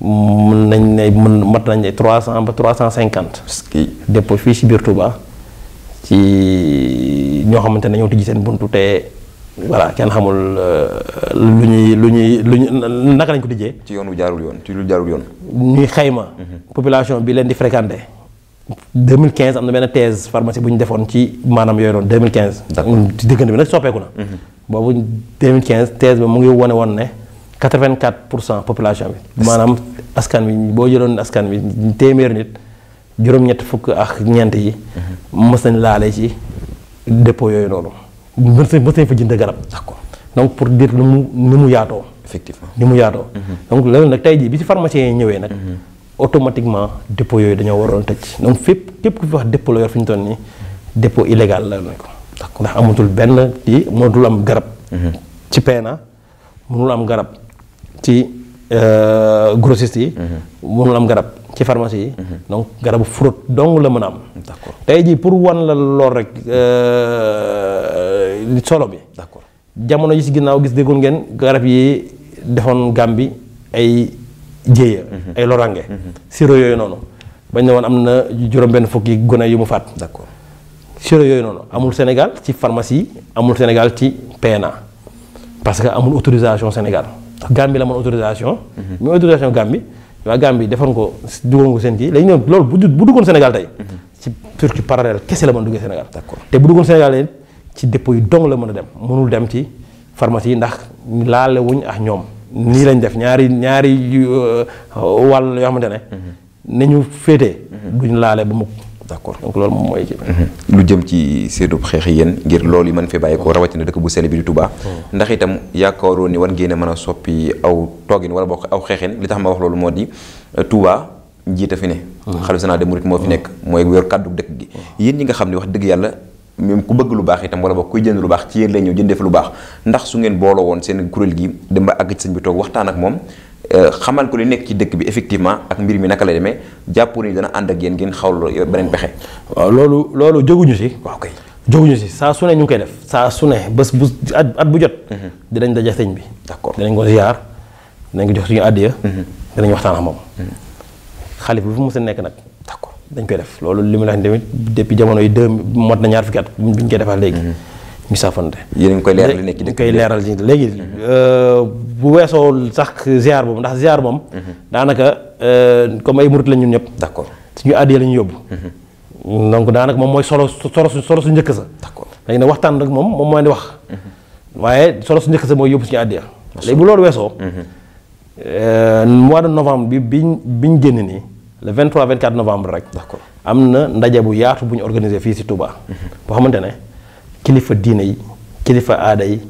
mun nañ ne mën mat nañ ne trois cent ba trois cent cinquante. dépôt fii si biir Touba ci ñoo xamante ne ñoo tijji seen buntu te voilà kenn xamul euh, lu ñuy lu ñuy lu ñu naka lañ ko tijjee. ci yoon wu jaarul yoon ci lu jaarul yoon. ñuy xayma. Mhm. population bi leen di fréquenté. 2015 am na benn thèse pharmacie bu ñu defoon ci maanaam yooyu doon 2015. d' accord ci diggante bi nag soppeeku na. Mhm. mu ngi wane woon ne. 84 pour cent population bi. maanaam askan wi boo jëloon askan wi téeméer nit juróom-ñett fukk ak ñeent yi. Mhm. mës nañ laale ci dépôt yooyu noonu. mës mës nañ fa jënd garab. ko donc pour dire lu mu ni mu yaatoo. effectivement ni mu yaatoo. Mhm. donc loolu nag tey jii bi ci pharmacien yi ñëwee nag. Mhm. automatiquement dépôt yooyu dañoo waroon tëj donc fépp képp ku fi wax dépôt la yor fi ñu toll nii dépôt illégal la nañ ko. d'accord ndax amatul benn kii mënatul am garab. ci peena mënul am garab. ci euh, grossiste yi. moom am garab ci pharmacie yi. Mhm. donc garabu fraude dong la mën a am. d'accord tey jii pour wan la lool rek euh, solo bi. d'accord jamono ji si ginnaaw gis déggul ngeen garab yi defoon Gàmbi ay jéeya. Mhm. ay lorange. Mhm. siro yooyu noonu bañ ne woon am na juróom-benn fukki gone yu mu faat. d'accord siro yooyu noonu amul Sénégal ci pharmacie amul Sénégal ci PNA parce que amul autorisation Sénégal. ndax Gambie la moon autorisation. Mhm. mais autorisation Gambie waa Gambie defoon ko duggoon ko seen kii léegi ñoom loolu bu bu duggoon Sénégal tey. Mhm. ci circuit parallèle kese la mën duggee Sénégal. d'accord te bu duggoon Sénégal ci dépôt yi dong la mën a dem mënul dem ci pharmacie yi ndax laale wuñ ak ñoom. nii lañ def ñaari ñaari euh, wàll yoo xamante ne. Mhm. nañu féete. duñ laale ba mukk d' accord donc loolu moom mhm. lu jëm ci séddub xeex yéen ngir loolu yi man fee bàyyi ko rawatina dëkk bu sell bi di Touba. Hmm. ndax itam yaakaaroon ni war ngeen a mën a soppi aw toogin wala bokk aw xeexin li tax ma wax loolu moo di euh, Touba njiita fi ne. xalifa hmm. général des moo fi nekk mooy yor kàddu dëkk gi. Hmm. yéen ñi nga xam ne wax dëgg yàlla. même ku bëgg lu baax itam wala boog kuy jënd lu baax ci yéen lay ñëw jëndee fa lu baax ndax su ngeen booloo woon seen kuréel gi dem ba àgg ci sëñ bi ak moom xamal ko li nekk ci dëkk bi effectivement ak mbir mi naka la demee jàpp ni dana ànd ak yéen ngeen xawloo beneen pexe. waaw loolu loolu jóguñu si. waaw kay jóguñu si saa su ne ñu ngi koy def. saa su ne bu at bu jot. Mhm. dinañ daje sëñ bi. d'accord dinañ ko yaar dinañ ko jox suñu àddiya. Mhm. dinañ waxtaan ak moom. Mhm. xalif bi fu mu seen nekk nag. d'accord dañ koy def loolu li mu la wax tamit depuis jamono yi deux mot na ñaar fukki at bu ñu koy defal léegi. ñu saafante. yéen a koy leeral li nekk ci dëkk koy leeral léegi. Mmh. Euh, bu weesoo sax ziar boobu ndax ziar moom. Mmh. daanaka euh, comme ay murit la ñun ñëpp. d' suñu àddiya la ñu yóbbu. Mmh. donc daanaka moom mooy solo solo su solo su njëkk sa. d' accord dañu ne waxtaan rek moom moom moo di wax. waaye solo su njëkk sa mooy yóbbu suñu àddiya. léegi bu loolu weesoo. Euh, mois de novembre bi biñ biñ génn nii. le 23 24 novembre rek. d' accord am na ndaje bu yaatu bu ñu organisé fii si Touba. boo xamante ne. kilifa diine yi kilifa aada yi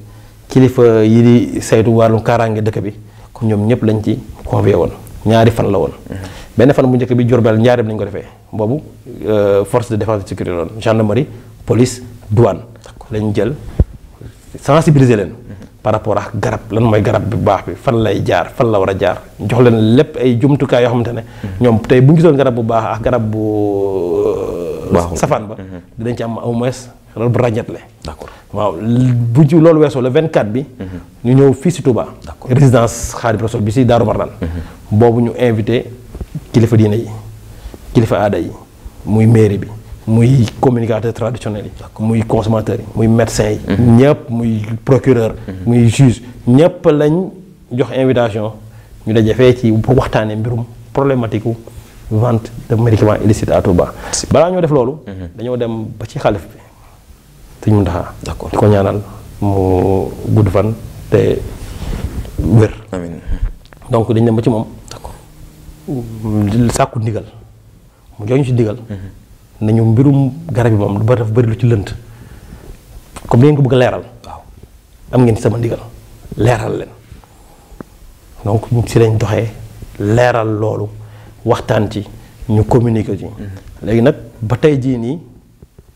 kilifa yi di saytu wàllu kaaraange dëkk bi kon ñoom ñëpp lañ ci convié woon ñaari fan la woon. Mhm. benn fan bu njëkk bi Diourbel ñaari lañ ko defee boobu euh, force de défense et de sécurité loon gendarmerie police douane lañ jël sensibiliser leen. Mhm. par rapport ak garab lan mooy garab bu baax bi fan lay jaar fan la war a jaar jox leen lépp ay jumtukaay yoo xamante ne. Mhm. ñoom tey bu ñu garab bu baax ak garab bu. Euh, safaan ba dinañ ci rajatle d'accord waaw bu ci loolu weesoo vingt 24 bi mhm. ñu ñëw fii si Touba résidence Khadimou Rassoul bi si Daaru Marnaan mhm. boobu ñu invité kilifa diine yi kilifa aada yi muy mairie bi muy communicateur traditionnel yi muy consommateur yi muy médecin yi mhm. ñëpp muy procureur muy juge ñëpp lañ jox invitation ñu daje fee ci waxtaanee mbirum problématique u vente de médicaments illicites à Touba balaa ñoo def loolu dañoo dem ci xalif bi sëñ Muntaxa d'accord di ko ñaanal mu gudd fan te wér. donc dañ dem ba ci moom. sàkku ndigal mu jox ñu ci ndigal. Mhm. nañu mbirum garab yi moom lu bari dafa bari lu ci lënt comme ngeen ko bëgg leeral. waaw am ngeen ci sama ndigal leeral leen donc si lañ doxee leeral loolu waxtaan ci ñu communiquer ci. Mhm. léegi nag ba tey jii nii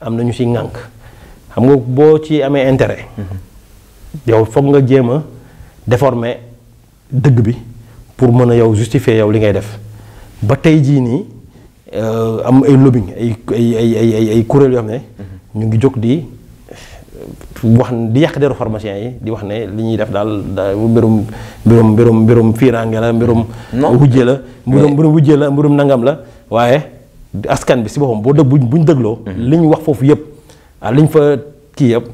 am na ñu ci ŋànk. xam nga boo ci amee intérêt. Mhm. yow foog nga jéem a déformer dëgg bi pour mën a yow justifier yow li ngay def ba tey jii nii euh, am ay lobbying ay ay ay ay ay kuréel yoo xam ne. Mhm. ñu ngi jóg di wax di yàq deru pharmacien yi di wax ne li ñuy def daal daal mbirum mbirum mbirum mbirum fiiraange mbirum. wujje la mbirum mbirum wujje la mbirum nangam la waaye askan bi si boppam boo dëgg buñ buñ dëgloo. Mhm. li ñu wax foofu yëpp. ah liñ fa kii yëpp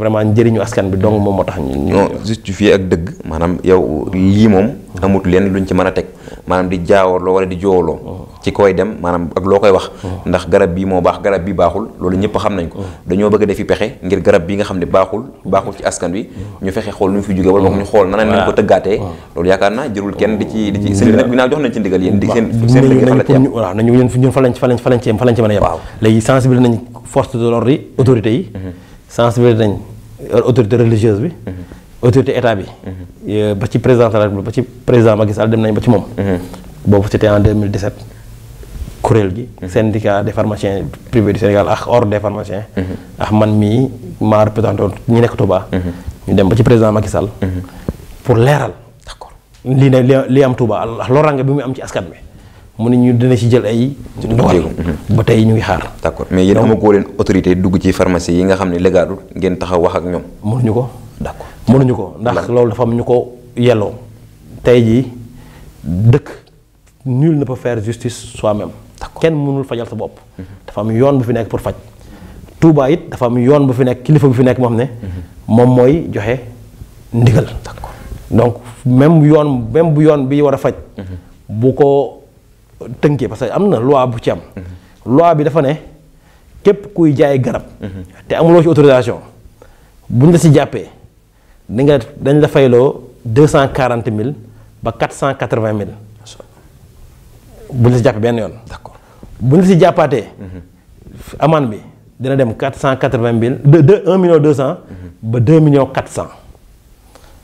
vraiment njëriñu askan bi donc moom moo tax ñu. ñoo justifié ak dëgg maanaam yow lii moom. amut leen luñ ci mën a teg. maanaam di jaawarloo wala di joowloo oh. ci koy dem maanaam ak loo koy wax oh. ndax garab bi moo baax garab bi baaxul loolu ñëpp xam nañ ko oh. dañoo bëgg defi pexe ngir garab bi nga xam ne baaxul baaxul ci askan wi ñu fexe xool lu mu fi jógee wala boog ñu xool na nañ ko tëggaatee loolu yaakaar naa jërul kenn di ci di ci mm. seen nag ginnaaw jox nañ ci ndigal yéen di seen seen fa lañ fa lañ fa lañ ci yem fa lañ ci mën a nañ force de l'ordre yi autorités yi mm-hmm. sensibiliser nañ euh, autorité religieuse bi mm-hmm. autorité état bi. Mhm. Euh, ba ci président ba ci président Macky dem nañ ba ci moom. Mhm. boobu c'était en mille 2017 kuréel gi. Mhm. syndicat des pharmaciens privés du Sénégal ak ordre des pharmaciens. ak man mii maa représenté woon ñi nekk Touba. ñu dem ba ci président Macky Sall. pour leeral. d'accord li ne li am Touba loraange bi mu am ci askan bi mu ne ñu dina ci jël ay. ndogal ba tey ñu ngi xaar. d'accord mais yéen amoo ko leen autorité dugg ci pharmacie yi nga xam ne légalul ngeen taxaw wax ak ñoom. mënuñu ko d'accord. mënuñu ko ndax loolu dafa am ñu ko yelloo tey jii dëkk nul ne peut faire justice soi-même kenn mënul fajal sa bopp mhm. dafa am yoon bu fi nekk pour faj Touba it dafa am yoon bu fi nekk kilifa bu fi nekk moo ne mhm. moom mooy joxe ndigal donc même yoon même bu yoon bi war a faj mhm. bu ko tënkee parce am na loi bu ci am loi bi dafa ne képp kuy jaay garab te amuloo ci autorisation buñ la si jàppee di nga dañ la fayloo deux cent quarante mille ba quatre cent quatre vingt mille. bu ñu si benn yoon. d'accord bu si jàppaatee. amende bi dina dem quatre cent quatre vingt mille de de un million deux cent. ba deux millions quatre cent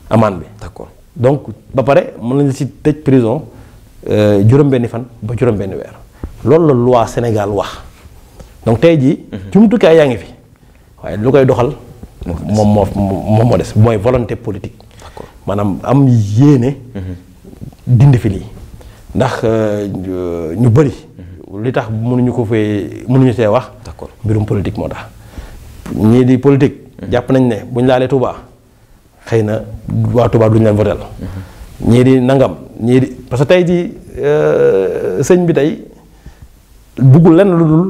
amende bi. d'accord donc ba pare mën na si tëj prison euh, juróom-benni fan ba juróom-benni weer loolu la loi Sénégal wax donc tey ji mhm. jumtukaay yaa ngi fi waaye lu koy doxal. moom moo moom moo des mooy volonté politique maanaam am yéene dindi fi nii ndax euh, ñu bëri li tax mënuñu ko fee mënuñu see wax mbirum politique moo tax ñii di politique mhm. jàpp nañ ne bu ñu laalee Touba xëy na waa Touba duñu leen votel mhm. ñii di nangam ñii di parce que tey jii euh, sëñ bi tey buggul lenn lu dul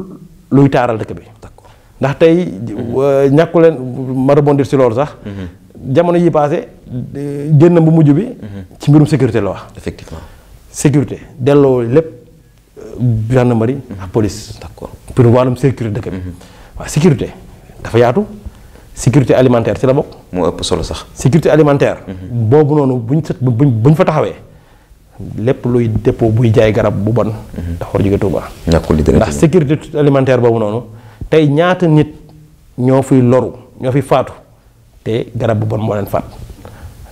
luy taaral dëkk bi ndax tey euh, ñàkku leen ma rebondir si loolu sax. Mhm. jamono yi passé génn bu mujj bi. Mhm. ci mbirum sécurité la wax. sécurité delloo lépp euh, gendarmerie mhm. ak police. d'accord pour wàllum sécurité dëkk bi. waaw sécurité dafa yaatu. sécurité alimentaire ci la bokk. moo ëpp solo sax. sécurité alimentaire. boobu noonu buñ sa buñ fa taxawee. lépp luy dépôt buy jaay garab bu bon. dafa war a jóge Touba. ñàkkul li ndax sécurité alimentaire boobu noonu. tey ñaata nit ñoo fi loru ñoo fi faatu te garab bu bon moo leen faat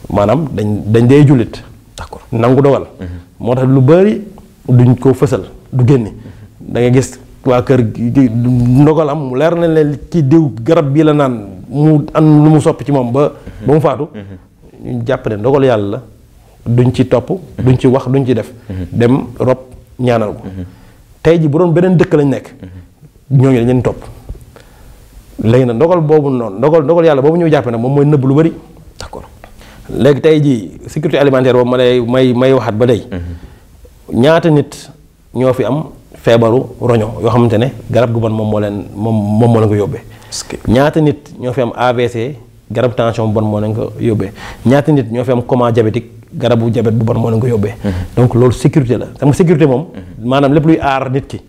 maanaam dañ dañ dee jullit. d'accord nangu dogal. Mhm. moo tax lu bari duñ ko fësal du génne da gis waa kër ndogal am mu leer na leen ci diw garab bii la naan mu am lu mu sopp ci moom ba. Mhm. ba mu faatu. Mhm. ñu jàpp ne ndogal yàlla la duñ ci topp. duñ ci wax duñ ci def. dem rob ñaanal ko. tey ji bu doon beneen dëkk lañ nekk. ñooñu dañ leen topp léegi nag ndogal boobu noonu ndogal ndogal yàlla boobu ñu jàppe nag moom mooy nëbb lu bëri d'accord léegi tey jii sécurité alimentaire boobu ma lay may may waxaat ba day mhm. nit ñoo fi am feebaru roño yoo xamante ne garab gu bon moom moo leen moom moom moo leen ko yóbbee ñaata nit ñoo fi am AVC garab tension bu bon moo leen ko yóbbee ñaata nit ñoo fi am coma diabétique garabu jabet bu ban moo leen ko yóbbee mhm. donc loolu sécurité la xam sécurité moom mhm. maanaam lépp luy aar nit ki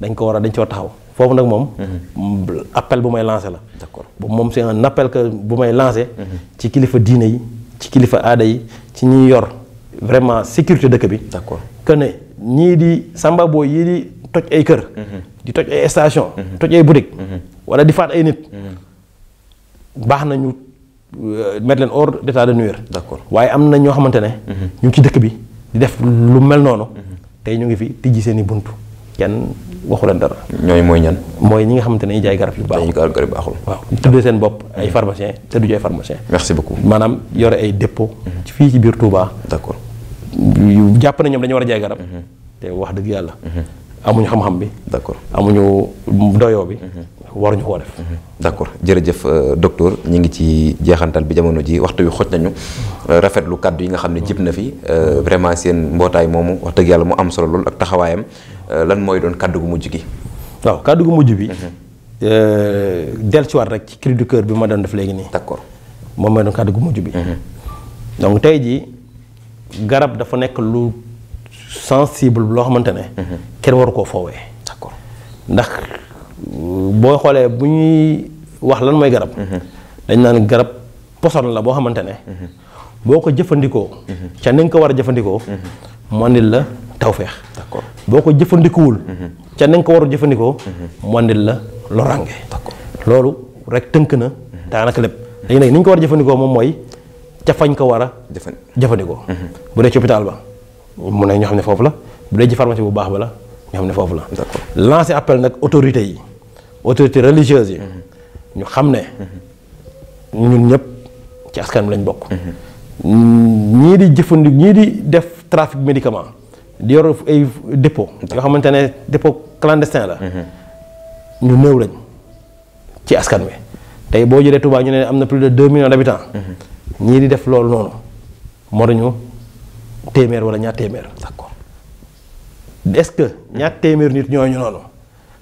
dañ ko war a dañ coo taxaw foofu nag moom. Mm-hmm. appel bu may lancé la. d'accord moom c'est un appel que bu may lancé. Mm-hmm. ci kilifa diine yi ci kilifa aada yi ci ñuy yor vraiment sécurité dëkk bi. d'accord que ne ñii di samba booy yii di toj ay kër. Mm-hmm. di toj ay station. toj ay boutique. wala di faat ay nit. baax na ñu euh, mettre leen hors d'état de nuire. d'accord waaye am na ñoo xamante ne. ñu ci dëkk bi di def lu mel noonu. tey ñu ngi fi tijji seen buntu kenn. waxu leen dara. ñooy mooy ñan. mooy ñi nga xamante ne dañuy jaay garab yu baaxul dañuy jaay garab yu seen bopp ay pharmacien te du ñu ay pharmacien. merci beaucoup maanaam yore ay dépôt. Mhm. fii ci biir Touba. d'accord yu jàpp na ñoom dañu war a jaay garab. Mhm. te wax dëgg yàlla. Mhm. amuñu xam-xam bi. d'accord amuñu doyoo bi. waruñu koo def. d'accord jërëjëf euh, docteur ñu ngi ci jeexantal bi jamono ji waxtu wi xooj nañu euh, rafetlu kàddu yi nga xam ne jib na fi euh, vraiment seen mbootaay moomu wax dëgg yàlla mu am solo loolu ak taxawaayam Euh, lan mooy doon kàddu gu mujj gi. waaw kàddu gu mujj bi. Mhm. Euh, dellusiwaat rek ci cri du cœur bi ma doon def léegi nii. d'accord moom mooy doon kàddu gu mujj bi. Mhm. donc tey jii garab dafa nekk lu sensible loo xamante ne. Mhm. kenn waru koo foowee. d'accord ndax boo xoolee bu ñuy wax lan mooy garab. dañ naan garab poson la boo xamante ne. boo ko jëfandikoo. ca ni nga ko war a jëfandikoo. mu la. tawféex. d'accord boo ko jëfandikuwul. Mhm. ca na ko war a jëfandikoo. Mhm. mu la loraange. d'accord loolu rek tënk na. Mhm. daanaka lépp léegi nag ni ñu ko war jëfandikoo moom mooy ca fañ ko war a. jëfandikoo bu dee ci hôpital ba mu ne ñoo xam ne foofu la bu dee ci pharmacie bu baax ba la ñoo xam ne foofu la. lancé appel nag autorités yi autorité religieuses yi. ñu xam ne ñun ñëpp ci askan bi lañ bokk. ñii di jëfandik ñii di def trafic médicament. di yor ay dépôt yoo xamante ne dépôt clandestin la ñu néew lañ ci askan wi tey boo jëlee Touba ñu ne am na plus de deux millions d'habitants ñii di def loolu noonu moo dañu téeméer wala ñaar téeméer d'accord est-ce que ñaar téeméer nit ñooñu noonu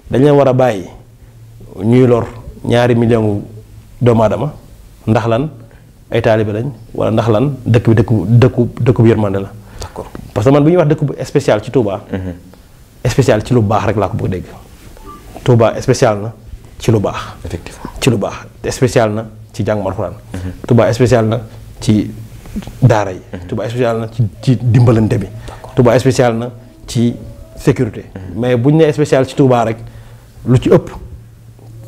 dañ leen war a bàyyi ñuy lor ñaari million doomu aadama ndax lan ay taalibe lañ wala ndax lan dëkk bi dëkku dëkku dëkku bu yërmande la parce que man bu ñuy wax dëkk bu spécial ci Touba. Mhm. spécial ci lu baax rek laa ko bëgg dégg. Touba spécial na ci lu baax. ci lu baax spécial na ci jàngum alxuraan. Mhm. Touba spécial ci daara yi. Mhm. Touba spécial na ci ci dimbalante bi. Touba spécial na ci sécurité. mais bu ñu nee spécial ci Touba rek lu ci ëpp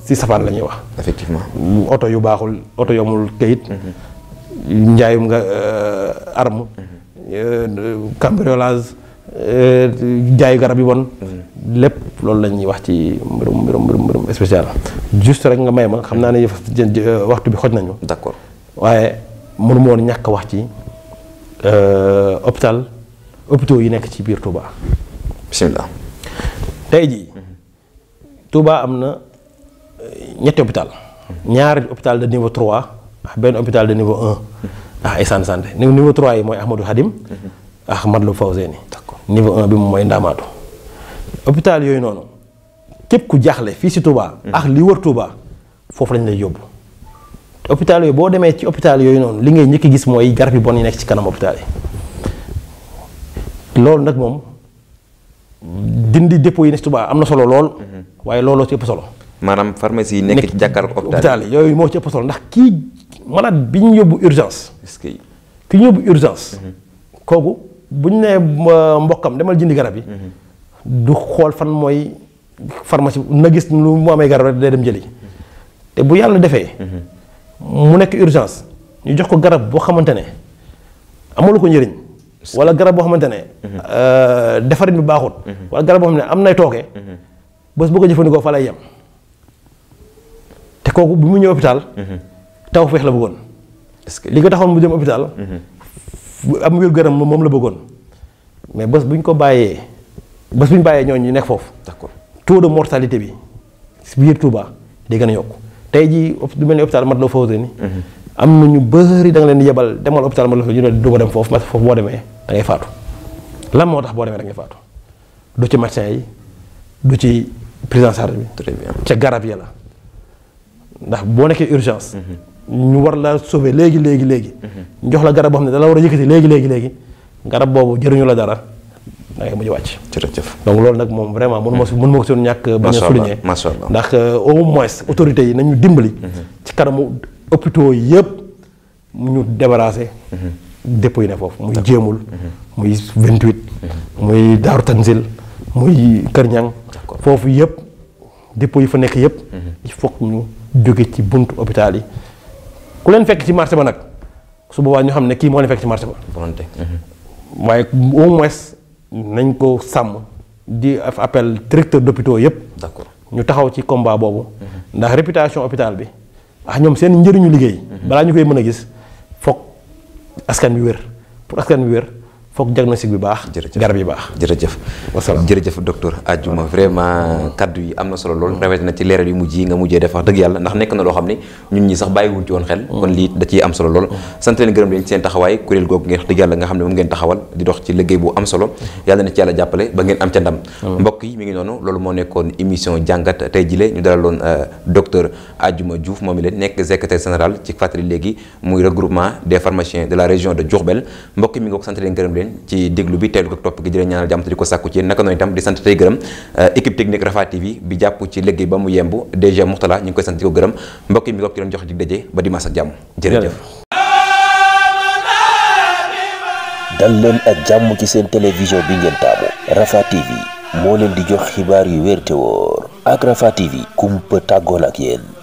si safaan lañuy wax. effectivement oto yu baaxul oto yu amul kayit. njaayum nga euh, arme. Euh, cambriolage euh, jaayu garab yi bon. Mm-hmm. lépp loolu la ñuy wax ci mbirum mbirum juste rek nga may ma xam naa ne euh, waxtu bi xoj nañu. d'accord waaye mënu woon ñàkk wax ci hôpital hôpitaux yi nekk ci biir Touba. bismillah tey jii mm-hmm. Touba am na ñetti hôpital mm-hmm. ñaari hôpital de niveau 3 ak benn hôpital de niveau ah Essane Santé niveau 3 yi mooy Ahmadou Hadim mhm. ah Matlaboul Fawzeyni niveau 1 bi moom mooy Ndamaatu hôpital yooyu noonu képp ku jaaxle fii si Touba ah li wër Touba foofu lañ lay yóbbu hôpital yooyu boo demee ci hôpital yooyu noonu li ngay njëkk gis mooy garab yi nekk ci kanam hôpital nag moom dindi dépôt yi nekk ci am na solo lool mhm. waaye looloo ci maanaam pharmacie yi nekk ci yooyu moo ci ëpp ndax kii malade bi ñu yóbbu urgence ki ñëw urgence. Mhm. kooku bu ñu nee mbokkam demal jëndi garab yi. Mhm. du xool fan mooy pharmacie na gis lu mu amee garab rek day dem jëli. te bu yàlla defee. Mhm. mu nekk urgence ñu jox ko garab boo xamante ne amalu ko njëriñ. wala garab boo xamante ne. Euh, defarin bi baaxut. wala garab boo xam ne am nay tooke. bés bu ko jëfandikoo fa lay yem. te kooku bu mu ñëw hôpital. taw feex la bëggoon. li ko taxoon mu jëm hôpital. am wér gëram moom la bëggoon. mais bés bu ñu ko bàyyee bés bu ñu bàyyee ñoo ñu nekk foofu. d'accord taux de mortalité bi si biir Touba day gën a yokku tey jii du mel ni hôpital mat loo fawte ni mhm. am na ñu bëri da leen yebal demal hôpital mat loo fa ñu ne du ma dem foofu ma foofu boo demee da faatu lan moo tax boo demee da ngay faatu du ci médecin yi du ci prise en charge bi. ca garab ya la ndax boo nekkee urgence. Mhm. ñu war la sauver léegi léegi léegi. ñu mhm. jox la garab ne da war a yëkkati léegi léegi léegi garab boobu jëriñu la dara da ngay mujj wàcc. jërëjëf donc loolu nag moom vraiment mënu ma si mënu ma ko si ñàkk. bañ a souligner ndax euh, au moins autorités yi nañu dimbali. Mhm. ci karamu kanamu hôpitaux yëpp ñu débarrassé. Mhm. dépôt yi ne foofu muy jéemul. muy 28. muy Daaru Tanzil muy Kër Ñang foofu yëpp déppo yi fa nekk yëpp. il faut ñu jóge ci bunt hôpital yi. ku leen fekk ci marché ba nag su boobaa ñu xam ne kii moo leen fekk ci marché ba. volonté. Mhm. waaye au moins nañ ko sàmm di af appel directeur d'hôpitaux yëpp. d'accord ñu taxaw ci combat boobu. Mhm. ndax réputation hôpital bi. ah ñoom seen njëriñu liggéey. Mhm. balaa ñu koy mën a gis foog askan wi wér pour askan wi wér. foog si bi baax. jërëjëf garab yi baax. jërëjëf wasalaam jërëjëf docteur Adjuma vraiment kaddu yi am na solo lool rawet na ci leeral yi mujj yi nga mujjee def wax yàlla ndax nekk na loo xam ne ñun ñi sax bàyyiwuñ ci woon xel. Mm. kon lii da ciy am solo lool. Mm. sant leen gërëm leen ci seen taxawaay kuréel googu ngeen wax yàlla nga xam ne moom ngeen taxawal di dox ci liggéey bu am solo mm. yàlla na ci yàlla jàppale ba ngeen am ca ndam. mbokk yi mi ngi noonu loolu moo nekkoon émission jàngat tey jile ñu dalaloon euh, docteur Adjuma Diouf moom leen nekk secrétaire général ci fàttali léegi muy regroupement des pharmaciens de la région de Diourbel mbokk mi nga ko sant leen ci déglu bi teelu ko topp gi di ko sàkku ci yéen naka di sant tey gërëm euh, équipe technique Rafah TV bi jàpp ci liggéey ba mu yemb déjà Mourtala ñu ngi koy ba dimanche ak jàmm jërëjëf dal leen ak jàmm ci seen télévision bi ngeen taamu Rafah TV moo leen di jox xibaar yu wér te wóor ak Rafah TV kumpa tàggoon ak yéen